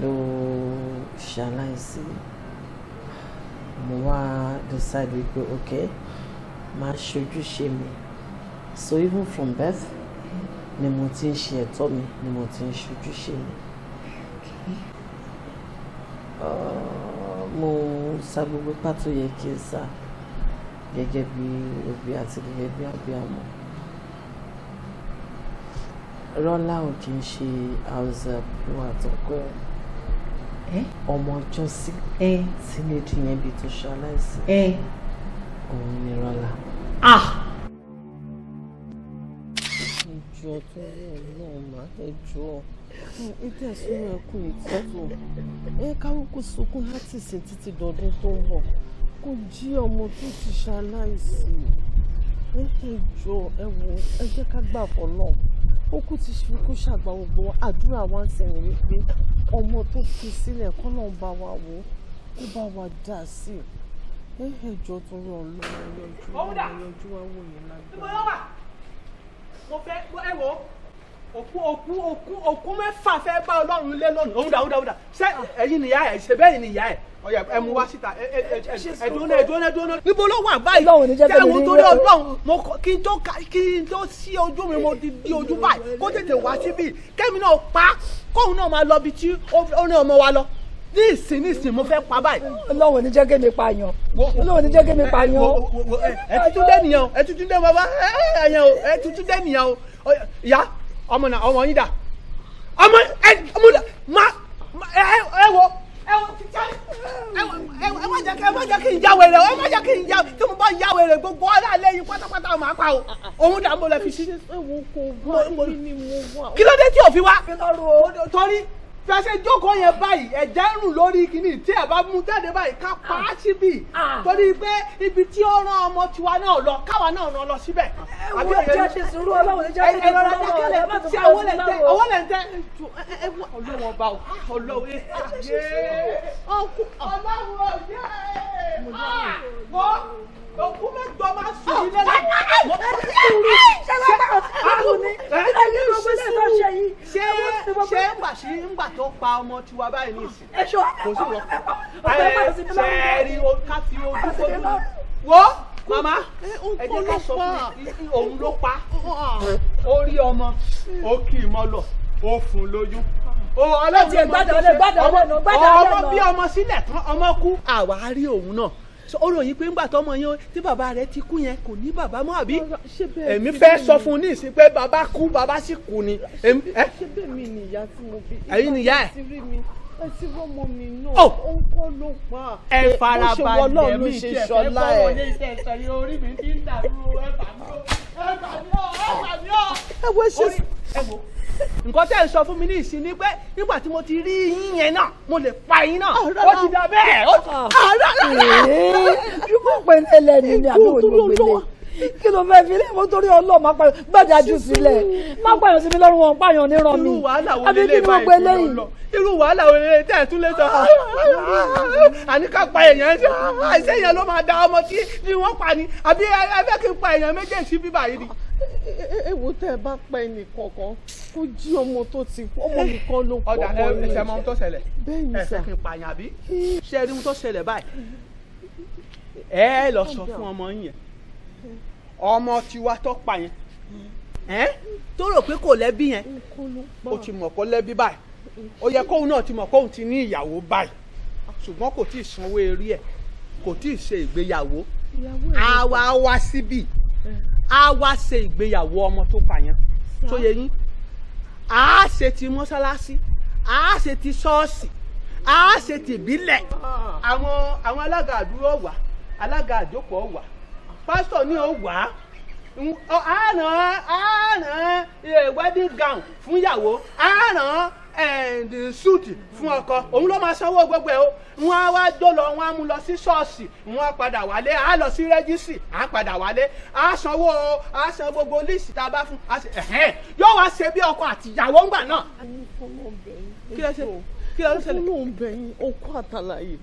ló ṣaláìsí mo wá decide wípé ok máa ṣojúṣe mi so even from birth ni mo ti ń ṣe ẹ̀tọ́ mi ni mo ti ń ṣojúṣe mi mo sa gbogbo pátó yẹ kí n sá gẹ́gẹ́ bí òbí àti gẹ́gẹ́ bí àbíàmọ́ rọ́lá ò kì í ṣe hausa pure àtọ́kọ́ ẹ̀ ọmọ ọjọ́sí tí lè di yẹn bí tó ṣaláìsí òun ni rọ́lá. ìjọ ah! tó wọ̀ náà má ẹjọ́ ètò ẹ̀sùn ẹ̀kú ìtọ́jú ẹ̀ káwọn kò sunkún láti sìn títí dọdún tó ń bọ̀ kó jí ọmọ tó ti ṣaláìsí ó tó jọ ẹwọ ẹ jẹ́ ká gbà fọlọ ó kú ti fi kó ṣàgbà gbogbo àdúrà wa ń sẹyìn wípé ọmọ tó fi sílẹ̀ kọ́ náà bá wa wò ó bá wa dà sí i ẹ ẹjọ tó rọ lọ ẹyọjú wa wò yẹn lágbára. ẹ wò ó òkú òkú òkú òkú mẹ́fà fẹ́ bá ọlọ́run lé lónìí òun dà òun dà òun dà ṣé ẹ̀yin nìyá ẹ̀ ṣe bẹ́ẹ̀ nìyá ẹ̀ ọ̀yà ẹ̀ mú wá síta ẹ̀dùnú ẹ̀dùnú ẹ̀dùnú. níbo ló wà báyìí tẹ̀wọ̀n torí ọlọ́run mo kí n tó kí n tó sí ojú mi mo ti di ojú báyìí kó tètè wá síbí kẹ́mi náà pa kóun náà máa lọ bí tí ó ní ọmọ wa lọ ní ìsìn ní ìsìn mo fẹ́ pa báyìí. ọlọ́run ní jẹ́ kí mi pààyàn ọlọ́run ní jẹ́ kí mi pààyàn. ẹ tuntun dé nìyẹn o ẹ tuntun dé bàbá ẹ ẹ yẹn o ẹ tuntun dé nìyẹn o ìyá ọmọ náà ọmọ yín dà ọmọ ẹ ọmọ náà má ẹ ẹ ẹ wọ ẹ wọ ẹ má kí n jáwé rẹ tí mo bá jáwé rẹ gbogbo ọ̀rẹ́ alẹ́ yìí pátápátá máa pa o òun dà ń bọ̀ lẹ́ fi sí. kí ló dé tí ò fi wá torí bí a ṣe jókòó yẹn báyìí ẹ̀jẹ̀ ń rùn lórí kìíní tí ẹ̀ bá mú jáde báyìí ká pa á síbì ah. ah. torí pé ibi tí ó rán ọmọ tiwa náà lọ káwa náà rán lọ síbẹ̀. Eh, àbí òye ṣe sùúrù ọlọ́run ló jẹ́ kí ẹ lọ́wọ́ ọ̀rọ̀ ẹ má tún fún ọwọ́ lẹ́ńtẹ́ ọwọ́ ọlọ́wọ́ bá ọlọ́wọ́ ọlọ́wọ́ yẹ́ òkú mẹ́jọ máa sùn nílẹ̀ lẹ́yìn. ṣé ló bá ọ̀sán ní ilé ní gbogbo ilé tó ṣe yìí. ṣé ṣé pàṣẹ ńgbà tó pa ọmọ tiwa báyìí ní ìsìn. ẹ ṣọ kò sí wọn. ṣe é rí ká fi ojú kojú wo mama ẹ jẹ́ ká sọ fún òun ló pa ó rí ọmọ ó kì í mọ́ lọ ó fún lójú ọlọ́run ọmọ bí ọmọ sílẹ̀ tán ọmọ kú àwárí òun náà ó ròyìn pé ńgbà tọmọ yẹn tí bàbá rẹ ti kú yẹn kò ní bàbá mọ́ àbí èmi fẹ́ sọ fún un ní ìsìn pé bàbá kú bàbá sì kú ni. ṣé bẹ́ẹ̀ mi nìyá tí mo bí. ẹ̀yin nìyá ẹ̀ ẹ ti rọ ọmọ mi náà òun oh! kọ́ ló pa ẹ farabalẹ̀ mi ṣe ṣọlá ẹ. ẹ wo ṣe nǹkan tẹ́ ẹ sọ fún mi ní ìsìn ni pé nígbà tí mo ti rí yín yẹn náà mo lè pa yín náà ah, ó ti dà bẹ́ẹ̀. àrà rà rà ikú pẹ̀lẹ́ lẹ́nu ni àbí òun ló gbélé kí ló fẹ́ fi lé mo torí ọlọ́ọ̀ máa pààyàn gbàdá jù sílẹ̀ máa pààyàn sí mi lọ́rùn wọn pààyàn níran mi àbí kí ni mo pe lẹ́yìn. irú wàhálà wo lè tẹ̀ tún lè sọ àní ká pa èèyàn ṣe àìsè èèyàn ló máa da ọmọ tí ni wọ́n pa ni àbí ẹ fẹ́ kí n pa èèyàn méjèèjì bíbà yìí ni. èwo tẹ ẹ bá pa ẹnì kọ̀ọ̀kan kó jí ọmọ tó ti ọmọ mi kan ló pọ̀ ọmọ rẹ ọ̀dà ẹ ṣe mọ ohun tó ṣẹlẹ̀ ẹ fẹ́ kí n pa èèyàn àbí ṣe rí ohun tó ṣẹlẹ̀ báyìí ẹ lọ sọ fún ọmọ yín yẹn ọmọ tiwa tó pa yẹn ẹ́n tó rò pé kò lẹ́bí yẹn ó ti mọ̀ kó lẹ́bí báyìí ó yẹ kóun náà ti mọ̀ kóun ti ní ìyàwó báyìí ṣùgbọ́n kò tí ì sanwó eré ẹ̀ kò tí ì ṣe ìgbéyàwó a wá síbì a wá ṣe ìgbéyàwó ọmọ tó pa yẹn tó yẹ yín a ṣe ti mọ́sálásí a ṣe ti ṣọ́ọ̀ṣì a ṣe ti ìbílẹ̀ ah. àwọn àwọn alága àdúrà wà alága àjókòó wà pásítọ̀ ní ó wà á ràn á ràn e, wedding gown fún ìyàwó á ràn and suit fún ọkọ òun ló máa sanwó gbogbo ẹ o wọn á wá jó lọ wọn á mú lọ sí ṣọ́ọ̀ṣì wọn á padà wálé á lọ sí rẹ́jísì á padà wálé á sanwó á san gbogbo líìsì tá a bá fún yóò wá ṣe bí ọkọ àtìyàwó ńgbà náà. kí ló ṣe kí ló ṣẹlẹ̀. ọlọ́run bẹ̀yìn okó àtàlàyé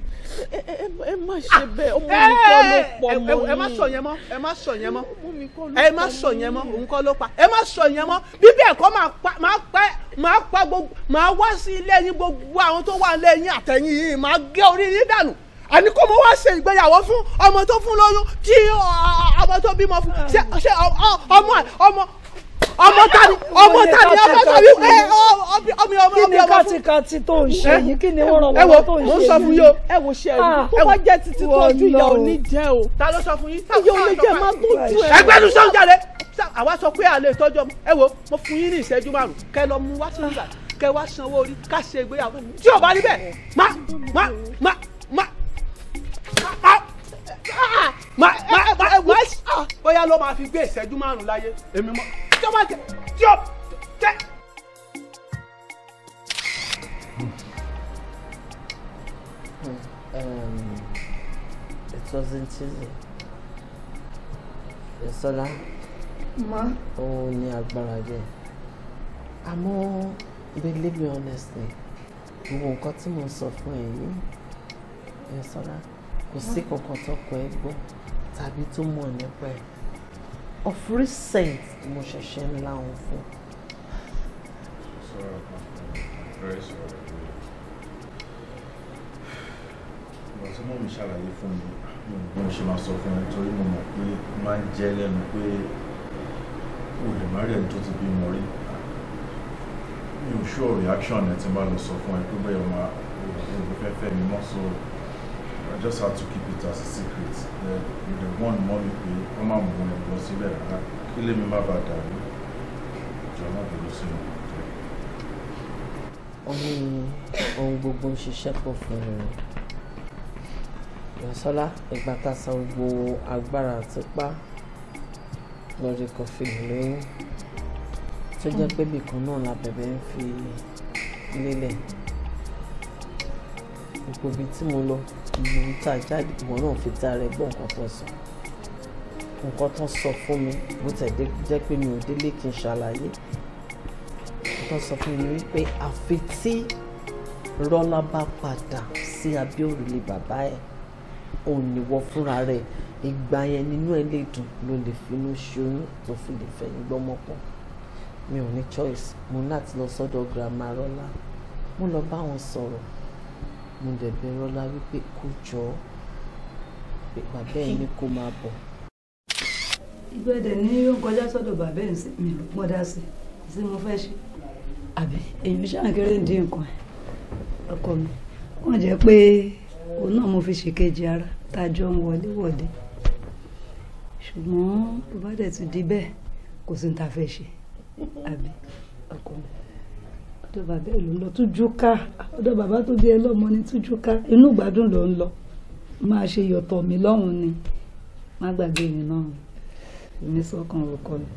ẹ má ṣe ah! bẹ́ẹ̀ ọmọ mi kọ́ ló pọ̀ mọ́ yín. ẹ má sọ yẹn mọ́ ẹ má sọ yẹn mọ́ ẹ má sọ yẹn mọ́ òun kọ́ ló pa ẹ má sọ yẹn mọ́ bíbí ẹ̀kọ́ máa pa máa pa gbogbo máa wá sí ilé yín gbogbo àwọn tó wà nílé yín àtẹ̀yìn yìí máa gé orí yín dànù àní kó mo wá ṣe ìgbéyàwó fún ọmọ tó fún lóyún tí ọmọ tó bímọ fún ṣe ọmọ ọmọ ọmọ tani ọmọ tani ọmọ tani ẹ ọmọ ọmọ ọmọ. kí ni kàtìkàtì tó ń ṣe yìí kí ni wọ́n ràn wọ́n tó ń ṣe yìí. ẹ wo mo sọ fún yín o ẹ wo ṣe ẹrù tó bá jẹ́ títí tó ojú ìyá ò ní o. ta ló sọ fún yín. ìyá ò ní jẹ́ máa tọ́jú ẹ. ẹgbẹ́ nu jáde àwa sọ pé àlè ìtọ́jú ọmọ ẹ wo mo fún yín ní ìṣẹ́jú márùn kẹ lọ mú wá sí ìgbà kẹ wá sanwó orí ká ṣe ìgbéyàwó tí ò bá rí bẹ́ẹ̀ bóyá ló máa fi gbé ìṣẹ́jú márùn-ún láyé èmi mọ́ jọ máa jẹ tí o jẹ. It wasn't easy. Ìsọlá. Ma. Oh, ni agbára Amo, Àmọ́ believe me honestly, gbogbo nǹkan tí mo sọ fún ẹ yìí, Ìsọlá, kò sí kankan tó kọ ẹ gbọ́ tàbí tó mọ̀ nípa ẹ̀ of recent mo ṣẹ̀ṣẹ̀ ń la òun fún. ìgbà tí mo mi ṣàlàyé fún mi mo ṣe máa sọ fún ẹ torí mo mọ̀ pé máa ń jẹ́ lẹ́nu pé o lè tó ti bímọ rí mi ò ṣọ́ reaction ẹ̀ tí n bá lọ sọ fún ẹ pé bẹ́ẹ̀ ọmọ òun fẹ́ fẹ́ mi mọ́ sọ̀rọ̀. I just had to keep it as a secret. Then with the one mọ́ mi pé wọ́n máa mú un lọ sílẹ̀ rárá ah, kí lèmi má bàa Ohun gbogbo ń ṣiṣẹ́ pọ̀ fún mi. Ìyànsọ́lá ìgbà tá san gbogbo agbára àtipá lórí kọfí lóyún tó jẹ́ pé bìkan náà la bẹ̀bẹ̀ ń fi lélẹ̀. Ipò bíi tí mo lọ mo ń tà jáde mo náà fi dára ẹgbọ́n nǹkan tó sọ nǹkan tó sọ fún mi bó tẹ̀ jẹ́ pé mi ò délé kí n ṣàlàyé nǹkan tó sọ fún mi wípé àfi tí rọ́lá bá padà sí abẹ́ bàbá ẹ̀ òun ni wọ́n fúnra rẹ̀ ìgbà yẹn nínú ẹ̀ lè dùn ló lè finú ṣoyún tó fi lè fẹ́ gbọ́mọ pọ̀ mi ò ní choice mo láti lọ sọ́dọ̀ grandma rọ́lá mo lọ bá wọn sọ̀rọ̀ mo dẹ̀ bẹ̀ Rọ́lá wípé kó jọ pé bàbá ẹ̀ ní kó máa bọ̀. ìgbẹ́dẹ̀ ní ó ń kọjá sọ́dọ̀ bàbá ẹ̀ sí mi ló mọ̀ dá sí i sí mo fẹ́ ṣe. àbí èyí ṣáà kéré dín nǹkan ọkọ mi wọ́n jẹ́ pé òun náà mo fi ṣèkejì ara tá a jọ ń wọlé wọ̀de ṣùgbọ́n bó bá dẹ̀ tún di bẹ́ẹ̀ kò sí ní ta fẹ́ ṣe àbí ọkọ mi ọ̀dọ̀ bàbá ẹ̀ ló ń lọ tújú ká ọ̀dọ̀ bàbá tó bí ẹ lọ́mọ ni tújú ká inú ìgbádùn ló ń lọ máa ṣe yọ̀tọ̀ mi lọ́hùn ni má gbàgbé mi náà èmi sọ́kàn orúkọ mi.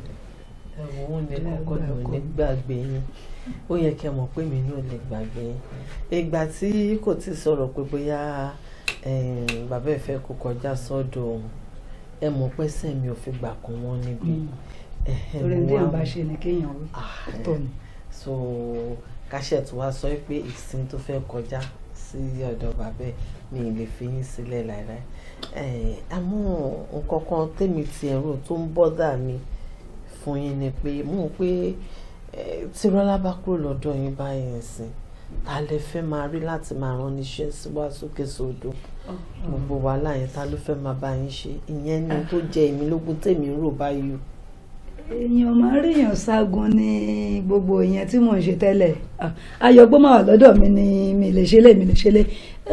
ẹ̀wọ̀n ní kọ́kọ́ ló ní gbàgbé yín ó yẹ kí ẹ mọ̀ pé mi náà lè gbàgbé yín ìgbà tí kò ti sọ̀rọ̀ pé bóyá bàbá ẹ̀ fẹ́ kó kọjá sọ́dọ̀ ẹ mọ̀ pé sẹ́mi ò fi gbà kún wọn níbí. orí ní àbáṣe ni kéèyàn wí ah, tó ni so káṣẹ̀ tó wá sọ pé ìsìn tó fẹ́ kọjá sí ọ̀dọ̀ bàbá ẹ̀ mi lè fi yín sílẹ̀ láíláí àmọ́ nǹkan kan tèmi ti ẹ̀rù tó ń bọ́dà mi fún yín ni pé mò ń pé tìrọ́lá bá kúrò lọ́dọ̀ yín báyìí sìn ta lè fẹ́ máa rí láti máa rán níṣẹ́ síwá sókè sódò mm-hmm. gbogbo wàhálà yẹn ta ló fẹ́ máa bá yín ṣe ìyẹn ni tó jẹ́ èmi lógún tèmi rò báyìí èèyàn máa ń ríyàn ṣaagun ní gbogbo èèyàn tí mò ń ṣe tẹ́lẹ̀ ayọ̀gbọ́n máa wà lọ́dọ̀ mi ni mi lè ṣe lé mi lè ṣe lé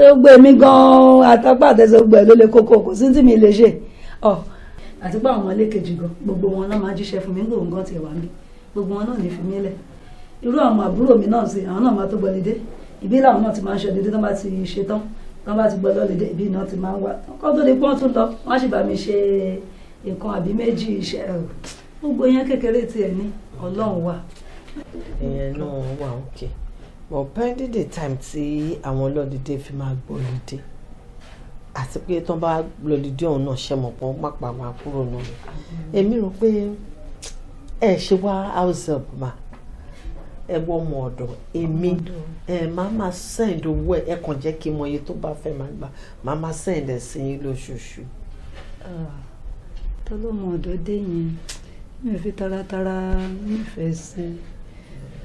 gbogbo èmi gan-an àtàpá àtẹ̀sẹ̀ gbogbo ẹ̀ ló lè kókó kò sí tí mi lè ṣe àti pé àwọn ẹlẹ́kejì gan gbogbo wọn náà máa jíṣẹ́ fún mi gbòǹgàn tiẹ̀ wá mi gbogbo wọn náà ní fi mí lẹ̀ irú àwọn àbúrò mi náà sí àwọn náà máa tó gbọ́lé dé ìbí làwọn náà ti máa ń ṣe dédé tó bá ti ṣe tán tó bá ti gbọ́lé ọ̀lẹ́dẹ́ ìbí náà ti máa ń wá kó tó di lọ wọ́n á sì bá mi ṣe nǹkan àbí méjì iṣẹ́ ẹ̀rù gbogbo yẹn kékeré tiẹ̀ ní ọlọ́run wà. ìyẹn náà wà òkè but pending the time tí àwọn ọlọ́dìdé fi máa gbọ́ lóde àti pé tán bá lọ́dìdé ọ̀hún náà ṣe mọ̀ pọ́n pápá máa kúrò náà èmi rò pé ẹ ṣe wá house help ma ẹ wọ ọmọ ọ̀dọ̀ èmi ẹ máa máa send owó ẹ ẹ kàn jẹ́ kí n mọ iye tó bá fẹ́ máa gbà máa máa send ẹ sí yín lóṣooṣù. Ah, tọ́lọ́mọ ọ̀dọ́ dé yẹn mi ò fi taratara nífẹ̀ẹ́ sí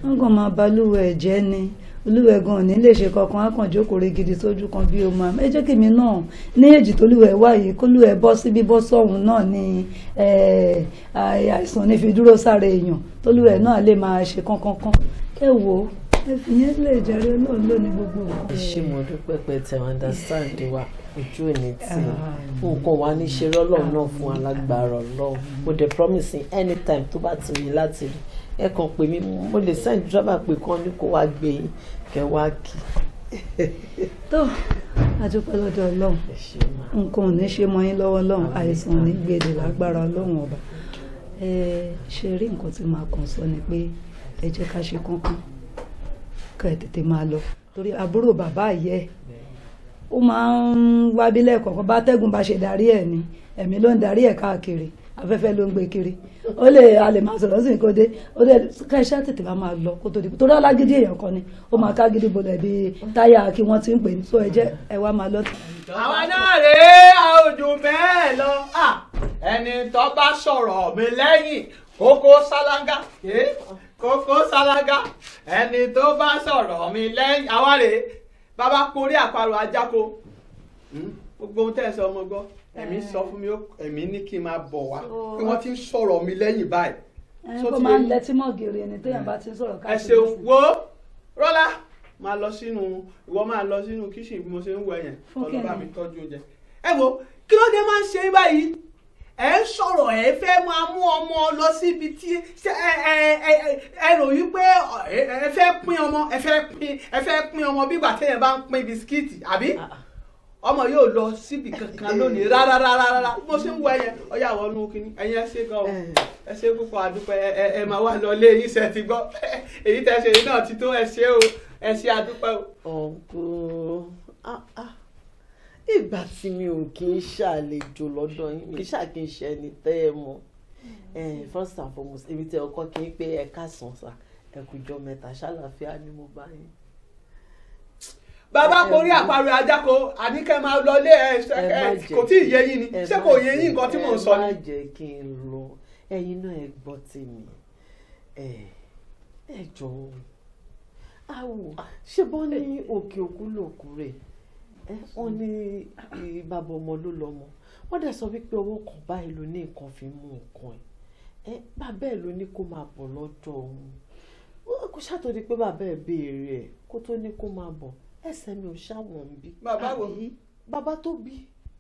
kàn máa ba olúwẹ̀ jẹ́ ni olúwẹ̀ gan ò lè ṣe kankan á kàn sójú kan bí o máa ẹ jẹ́ kí mi náà ní èjì tó lúwẹ̀ wá yìí kó lúwẹ̀ bọ́ síbí bọ́ sọ́hún náà ni àìsàn ní fi dúró sára èèyàn tó lúwẹ̀ náà lè máa ṣe kankankan ẹ wò ó ẹ fi yẹn lè jẹrẹ Ọlọ́run lónìí gbogbo nǹkan. dúpẹ́ pé understand wa ojú ẹni tí nǹkan ah. wa ní ṣe rọ́lọ́run náà fún alágbára ọlọ́run mo dẹ̀ promise anytime tó bá ti mi láti rí ẹ kàn pè mí mo lè send driver pé kán ní kó wá gbé yín kẹ wá kí. tó àdúpẹ́ lọ́dọ̀ ọlọ́run nǹkan ò ní ṣe mọ́ yín lọ́wọ́ ọlọ́run àìsàn ò ní gbèdè lágbára ọlọ́run ọba ṣe rí nǹkan tí màá kàn sọ ni pé ẹ jẹ́ ká ṣe kánkán ká ẹ tètè máa lọ torí àbúrò bàbá yẹ ó máa ń wábí lẹ́ẹ̀kọ̀ọ̀kan bá tẹ́gùn bá ṣe darí ẹ̀ ni ẹ̀mí ló ń darí ẹ̀ káàkiri afẹ́fẹ́ ló ń gbé kiri ó lè a lè máa sọ̀rọ̀ sí ìkóde ó lè ká iṣẹ́ tètè bá máa lọ kó tó di torí alágídí èèyàn kan ni ó máa ká gidi bolẹ̀ bí táyà kí wọ́n ti ń pè ní tó ẹ jẹ́ ẹ wá máa lọ. àwa náà rèé a ò dùn bẹ́ẹ̀ lọ ẹni tó bá sọ̀rọ̀ mi lẹ́yìn kókó sálángá kókó sálángá ẹni tó bá sọ̀rọ̀ mi lẹ́yìn àwa bàbá porí àparò ajáko hmm? gbogbo ohun tẹ́ ẹ sọ ọmọ gbọ́ ẹ̀mí eh. sọ fún mi ẹ̀mí ní kí n máa bọ̀ wá pé wọ́n ti ń sọ̀rọ̀ mi lẹ́yìn báyìí. ẹni máa ń lẹtí mọ́ gèrè ẹni téèyàn eh. bá ti ń sọ̀rọ̀ káàkiri. ẹ ṣeun wo rọ́lá máa lọ sínú ìwọ máa lọ sínú kíṣìn bí mo ṣe ń wọ ẹ̀yẹn ọlọ́ba mi tọ́jú oúnjẹ. ẹ wo kí ló dé máa ń ṣe báyìí ẹ ń sọ̀rọ̀ ẹ fẹ́ máa mú ọmọ lọ síbi tí ẹ rò wípé ẹ fẹ́ pín ọmọ ẹ fẹ́ pín ẹ fẹ́ pín ọmọ bígbà téèyàn bá ń pín bisikíìtì àbí ah, ah. ọmọ yóò lọ síbi kankan lónìí rárá rárá rárá mo ṣe ń wọ ẹyẹ ọyà wọnú kínní ẹyin ẹ ṣe gan o eh. ẹ ṣe púpọ̀ àdúpẹ́ ẹ ẹ máa wà lọ lé yín ṣe ti gbọ́ èyí tẹ́ ṣe yìí náà ti tó ẹ ṣe o ẹ ṣe àdúpẹ́ o. ọ̀gọ́ ah ah ìgbà tí mi ò kí ń ṣàlejò lọ́dọ̀ yín mi ṣáà kí n ṣe ẹni tẹ́ ẹ mọ̀ mm. eh, first and foremost èmi tẹ ọkọ kí n pé ẹ káàsán sà ẹ kújọ́ mẹ́ta ṣàlàáfíà ni mo bá yín. bàbá porí àparò ajáko àníkẹ́ máa lọ lé ẹ kò tí ì yé yín ni ṣé kò yé yín nǹkan tí mò ń sọ ni. ẹ má jẹ́ kí n lọ ẹ̀yin náà ẹ gbọ́ tèmi ẹ jọ̀ọ́ àwò ṣé bọ́ ní òkè òkú lòkú rẹ̀ ó eh, ní bàbá ọmọ ló lọ́mọ wọ́n dẹ̀ sọ wípé owó kan báyìí ló ní nǹkan fi mú nǹkan ẹ̀ bàbá ẹ̀ ló ní kó máa bọ̀ lọ́jọ́ òun kò ṣàtòdì pé bàbá ẹ̀ béèrè ẹ̀ kó tó ní kó máa bọ̀ ẹsẹ̀ mi ò ṣàwọn ń bí. bàbá wo bàbá tó bí.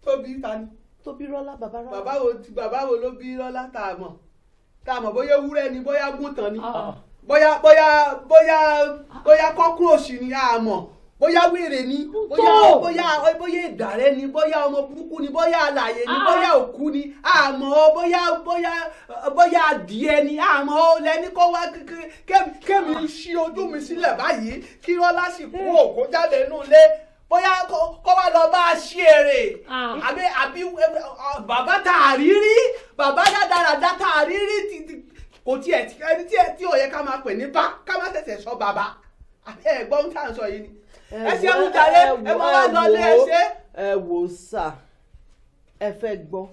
tó bí ta ni. tó bí rọ́lá bàbá rọ́lá. bàbá wo bàbá wo ló bí rọ́lá tá a mọ̀ tá a mọ̀ bóyá ewúrẹ́ ni bóyá gúntàn ni ah. bóyá bóyá bóyá bóyá kọ́kúròṣì ni a mọ̀ bóyá wèrè ni bóyá bóyá bóyá ìdàrẹ́ ni bóyá ọmọ burúkú ni bóyá alàyè ni ah. bóyá òkú ni àmọ́ bóyá bóyá bóyá adìẹ ni àmọ́ lẹ́ni kó wá kémi ṣí ojú mi sílẹ̀ báyìí kí rọ́lá sì kú eh. òkú jáde nínú ilé bóyá kó wá lọ bá a ṣí èrè ah. àbí àbí bàbá tààrírí bàbá dáadáa tààrírí kò tiẹ̀ ẹni tí ò yẹ ká máa pè ní bá ká má ṣẹ̀ṣẹ̀ sọ bàbá àbí ẹ̀gbọ́n tá à ń sọ yìí ni ẹ ṣe mú jàre ẹ mọ wá lọlé ẹ ṣe. ẹ wò ó sà ẹ fẹ́ gbọ́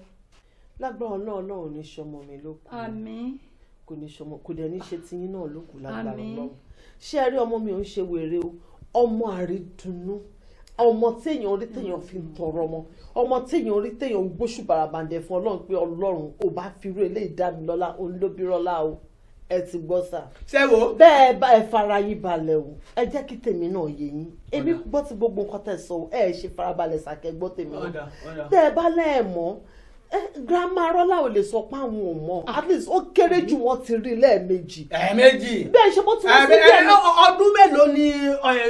lágbára náà náà ò ní sọmọ mi ló kù kò ní sọmọ kò dẹ̀ ní ṣe tiyín náà ló kù lágbára náà ṣé ẹ rí ọmọ mi ò ń ṣe wèrè o ọmọ àrídùnnú ọmọ téèyàn orí téèyàn fi tọrọ ọmọ ọmọ téèyàn orí téèyàn gbóṣù bàràbàǹdẹ fún Ọlọ́run pé Ọlọ́run ò bá fi eléyìí dá mi lọ́lá òun ló bí rọ́lá o ẹ ti gbọ́ sà. ṣé wo. bẹ́ẹ̀ bá ẹ fara yín balẹ̀ o ẹ jẹ́ kí tèmi náà yé yín èmi gbọ́ ti gbogbo nǹkan tẹ̀ sọ ẹ ṣe farabalẹ̀ sàkẹ́ gbọ́ tèmi náà tẹ́ ẹ bá lẹ́ẹ̀ mọ́ grandma rọlá ò lè sọ pé àwọn ò mọ at least ó kéré jù wọn ti rí lẹ́ẹ̀mejì. ẹ̀ẹ̀mejì bẹ́ẹ̀ ṣe bó ti wọ́n sí bẹ́ẹ̀ ni. ọdún mélòó ni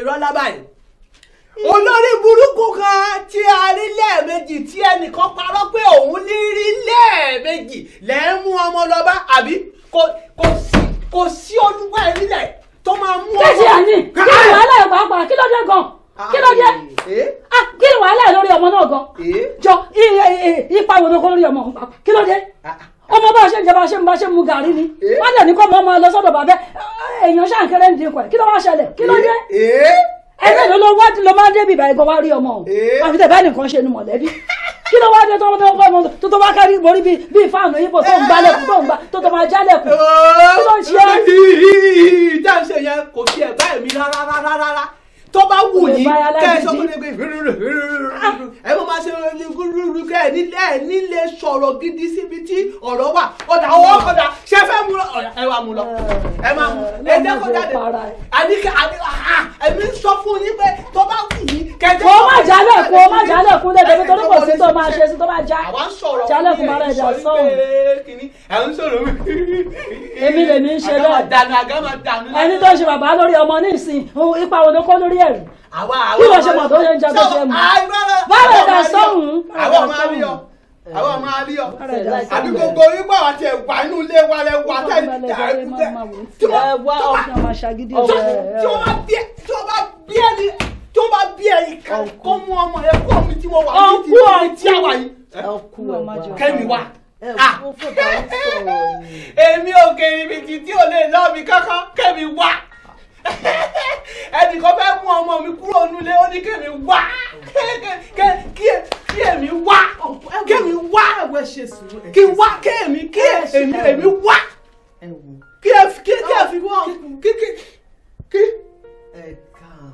rọlá báyìí olórí burúkú kan tí a rí lẹ́ẹ̀mejì tí ẹnìkan parọ́ pé òun ní rí lẹ́ẹ̀mejì lẹ́ẹ̀ mú ọmọ lọ bá àbí kò sí kò sí olúwa ẹ nílẹ̀ tó máa mú ọ. kẹ́sì àní kí ni wàhálà ẹ̀ pàápàá kí ló dé gan ah, kí ló dé eh, eh. Ah, kí ni wàhálà ẹ̀ lórí ọmọ náà gan eh? jọ ipa wo ló kọ́ lórí ọmọ pàápàá kí ló dé ah, ọmọ bá ṣe ń jẹba ṣe ń bá ṣe ń mu gàrí ni wọn lè ní kó ọmọ ọmọ lọ sọ́dọ̀ bàbá èèyàn ṣàǹkẹrẹ ń dín kọ ẹ kí ló wá ṣẹlẹ̀ kí ló dé ẹsẹ̀ ló lọ wájú ló máa débi ìbàyẹ̀gàn wá rí ọmọ o àfi tẹ̀ bá nìkan ṣe nu mọ̀lẹ́bí kí ló wá dé tọ́wọ́ tọ́wọ́ fọ́ọ̀mù tó tó wá kárí borí bíi bíi fáànù yípo tó ń gbálẹ̀kùn tó ń gbá tó tó máa jálẹ̀kùn kí ló ń ṣe é. ìjà ń ṣe yẹn kò fi ẹ̀ bá ẹ̀mí rárá rárá rárá tó bá wù yín kẹ́ ẹ sọ fún mi pé ẹ bó máa ṣe rúrú kẹ́ ẹ nílé ẹ nílé sọ̀rọ̀ gidi síbi tí ọ̀rọ̀ wà ọ̀dà ọwọ́ ọ̀dà ṣẹ́fẹ́ mú lọ ẹ wà mú lọ ẹ máa mú ẹ jẹ́ jáde àníkà ẹ̀mí ń sọ fún yín pé tó bá wù yín kẹjẹ. kò má jálẹ̀ kò má jálẹ̀ kún lẹ́gbẹ̀ẹ́ nítorí kò sí tó máa ṣe sí tó máa já jálẹ̀ kún máa rẹ̀ jà sọ́hùn. àwọn sọ̀rọ̀ mi. èmi lèmi ń ṣe bẹ́ẹ̀ ẹni tó ṣe bàbá lórí ọmọ ní ìsìn ipa wo ló kó lórí ẹ̀rù. kí wọ́n ṣe mọ̀ tó ṣe ń jagun jẹ́ mu. báwo ni ká sọ́hùn. àwọn ọmọ àwọn ọmọ aríyọ àbí gbogbo orígbà wa tẹ wà inú ilé wa rẹ wà tẹ ẹkútẹ tí wọn bá bí ẹ ní tí wọn bá bí ẹ yìí kàn kó mú ọmọ yẹn kó mi tí wọn wà ní ti ní ti àwà yìí kẹmi wa ah. èmi ò kèrè mi kì tí ò lè lọ kankan kẹmi wa. ẹnìkan fẹ́ mú ọmọ mi kúrò nílé ó ní kémi wá kí èmi wá kémi wá kí wá kémi kí èmi wá kí ẹ fi kí ẹ fi wá kí kí kí. ẹ kàn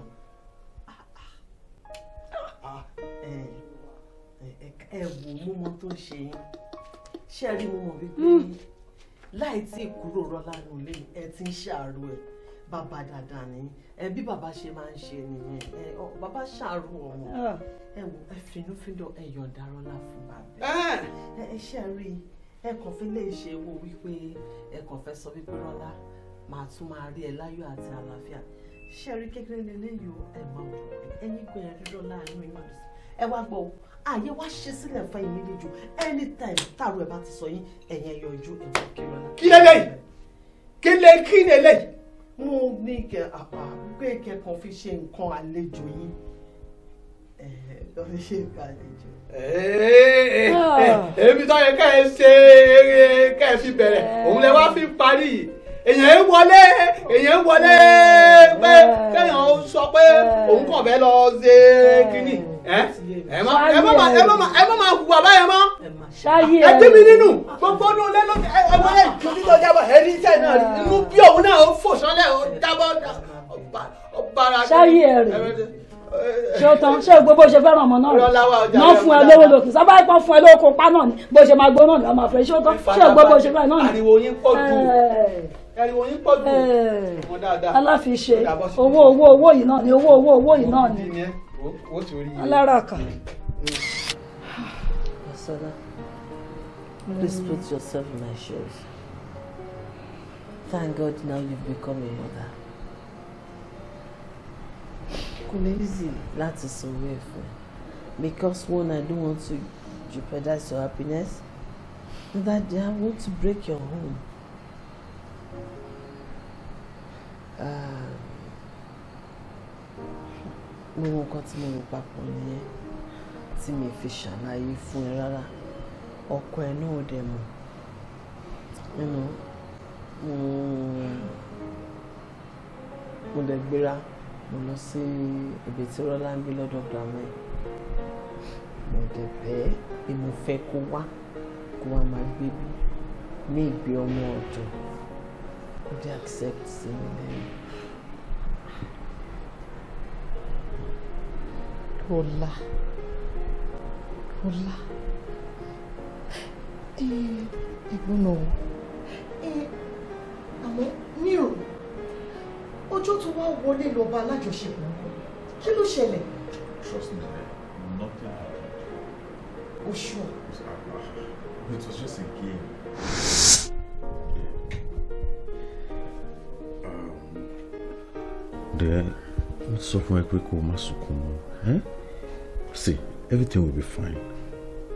ẹ wò mú mọ tó ṣe yín ṣé ẹ rí mo mọ wípé hmm. láì tí ì kúrò rọ lánàá lé ẹ ti ń ṣàárò ẹ bàbá dáadáa ni ẹ bí bàbá ṣe máa ń ṣe nìyẹn ẹ bàbá ṣàárò ọmọ ah. ẹ wò ẹ finúfíndọ̀ ẹ yọ̀ǹda rọ́lá fún bàbá eh! ẹ ṣe rí ẹ kàn fi lè ṣe wo wípé ẹ kàn fẹ́ sọ wípé rọ́lá màá tún máa rí ẹ láyọ̀ àti àlàáfíà ṣe rí kékeré lélẹ́yìí o ẹ máa wọ̀ ẹ̀yìn gbé ẹ rírọ́ láàánú ẹ wá gbọ́ ààyè wá ṣe sílẹ̀ fún ẹ̀yin méjèèjì anytime táàrọ̀ ẹ̀ bá ti sọ yín ẹ̀yin ẹ̀yọ̀jú ẹ̀yìn kí lọ́la. kí lélẹ́yìí kí lè kí lélẹ́yìí mo ní kẹ àpapọ̀ ìkẹ́ kan fi ṣe nǹkan àlejò yìí lọ́fi ṣe nǹkan àlejò. èmi tó yẹ ká ẹ ṣe eré ká ẹ fi bẹ̀rẹ̀ òun lẹ wá fi ń parí yìí èyàn ń wọlé èyàn ń wọlé pé kéèyàn sọ pé òun kàn fẹ́ lọ ṣe kínní ẹ ẹ má ẹ má ẹ má ẹ má hùwà báyẹn mọ́ ẹ dín mi nínú gbogbo ọdún lẹ́nu ẹ wọlé títọ́ jábọ̀ ẹni tẹ̀ náà inú bí òun náà ó fò sọ́lẹ̀ ó dábọ̀ ó bára. ṣáyé ẹ rè ṣé o tán ṣé o gbogbo ṣe fẹ́ràn ọmọ náà rẹ̀ náà fún ẹ lówó lòkì sábà ìpọ́n fún ẹ lówó kó pa náà ni bó ṣe máa gbó náà ni ọmọ àfẹ́ ṣé o tán ṣé o gbogbo ṣe fẹ́ràn náà ni. ariwo yín pọ̀ jù ẹ̀rìwò yín pọ̀ jù. aláfiṣe owó owó owó yìí náà ni owó owó owó yìí náà ni ó ti rí i. alára kan. asada please put yourself in my shoes thank God now you've become a mother. kò ní easy láti sanwó ẹ̀ fún ẹ because one I don't want to jeopardize your happiness and that day I want to break your home. Uh, gbogbo nǹkan tí mo rò papọ̀ nìyẹn tí mi fi ṣàlàyé fún ẹ rárá ọkọ ẹ náà dẹ̀ mọ̀ nínú mo dẹ̀ gbéra mo lọ sí ibi tí rọ́lá ń gbé lọ́dọ̀ gbàmọ́ ẹ̀ mo dẹ̀ bẹ́ẹ̀ pé mo fẹ́ kó wá kó wá máa gbé bí ní ìgbé ọmọ ọ̀dọ̀ kó dé accept sí mi lẹ́yìn. Ọlá. Ọlá. Ẹ̀gbọ́n náà. Àmọ́ Nírò, ọjọ́ tó wá wọlé lọ́ba alájọṣepọ̀ kí ló ṣẹlẹ̀? Trust me, nothing happened. O sure? It was just a game. Yeah. Um, Then mo sọ fún ẹ pé kó o má sunkún mọ́ hm? see everything will be fine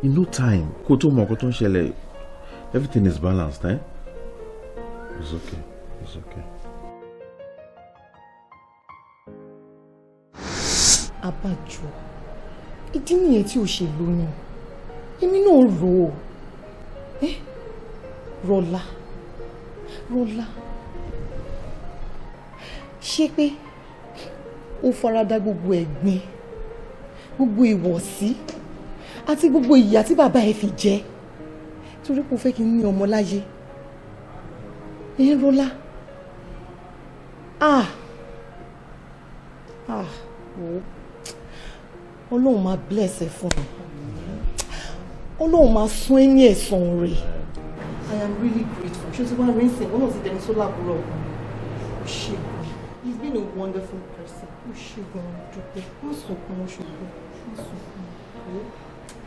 in no time kó o tó mọ ọkọ tó ń ṣẹlẹ̀ everything is balanced eh? it's okay it's okay. abájọ ìdí nìyẹn tí o ṣe lóyún èmi náà rò ó eh? rọlá rọlá ṣé pé ó farada gbogbo ẹ̀gbin gbogbo ìwọ̀sí àti gbogbo ìyà tí bàbá ẹ̀ fi jẹ torí kò fẹ́ kí n ní ọmọ láyé ìrọlá ah ah wò ó ọlọ́run máa bless ẹ fún mi ọlọ́run máa sún ẹ ní ẹ̀san rè I am really grateful ṣé tí wàá rí ń sìn ọlọ́run ti dẹni sólà kúrò ọ̀hún ṣe been a wonderful person.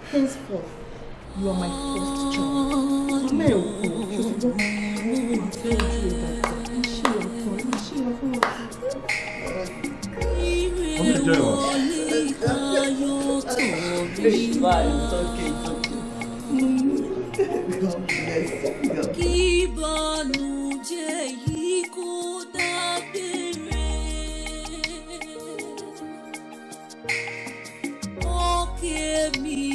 Henceforth, you are my first child. Ọmọ ẹ̀ òkú ṣùgbọ́n mo give me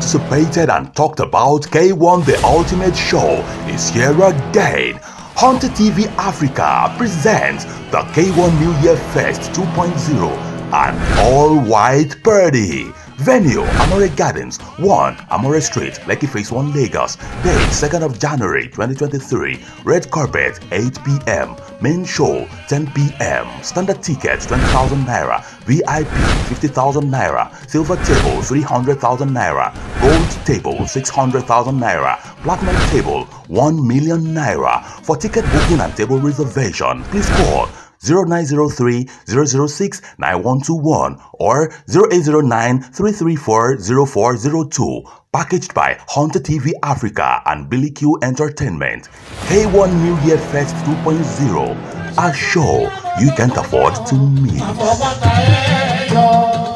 anticipated and talked about K1 The Ultimate Show is here again. Hunter TV Africa presents the K1 New Year Fest 2.0 an all-white party. Venue, Amore Gardens, 1, Amore Street, Lucky Phase 1, Lagos. Date, 2nd of January 2023. Red Carpet, 8 p.m. Main show 10 p.m. Standard tickets 20,000 naira. VIP 50,000 naira. Silver table 300,000 naira. Gold table 600,000 naira. Platinum table 1 million naira. For ticket booking and table reservation, please call 0903 006 9121 or 0809 334 0402. Packaged by Hunter TV Africa and Billy Q Entertainment. K1 New Year Fest 2.0, a show you can't afford to miss.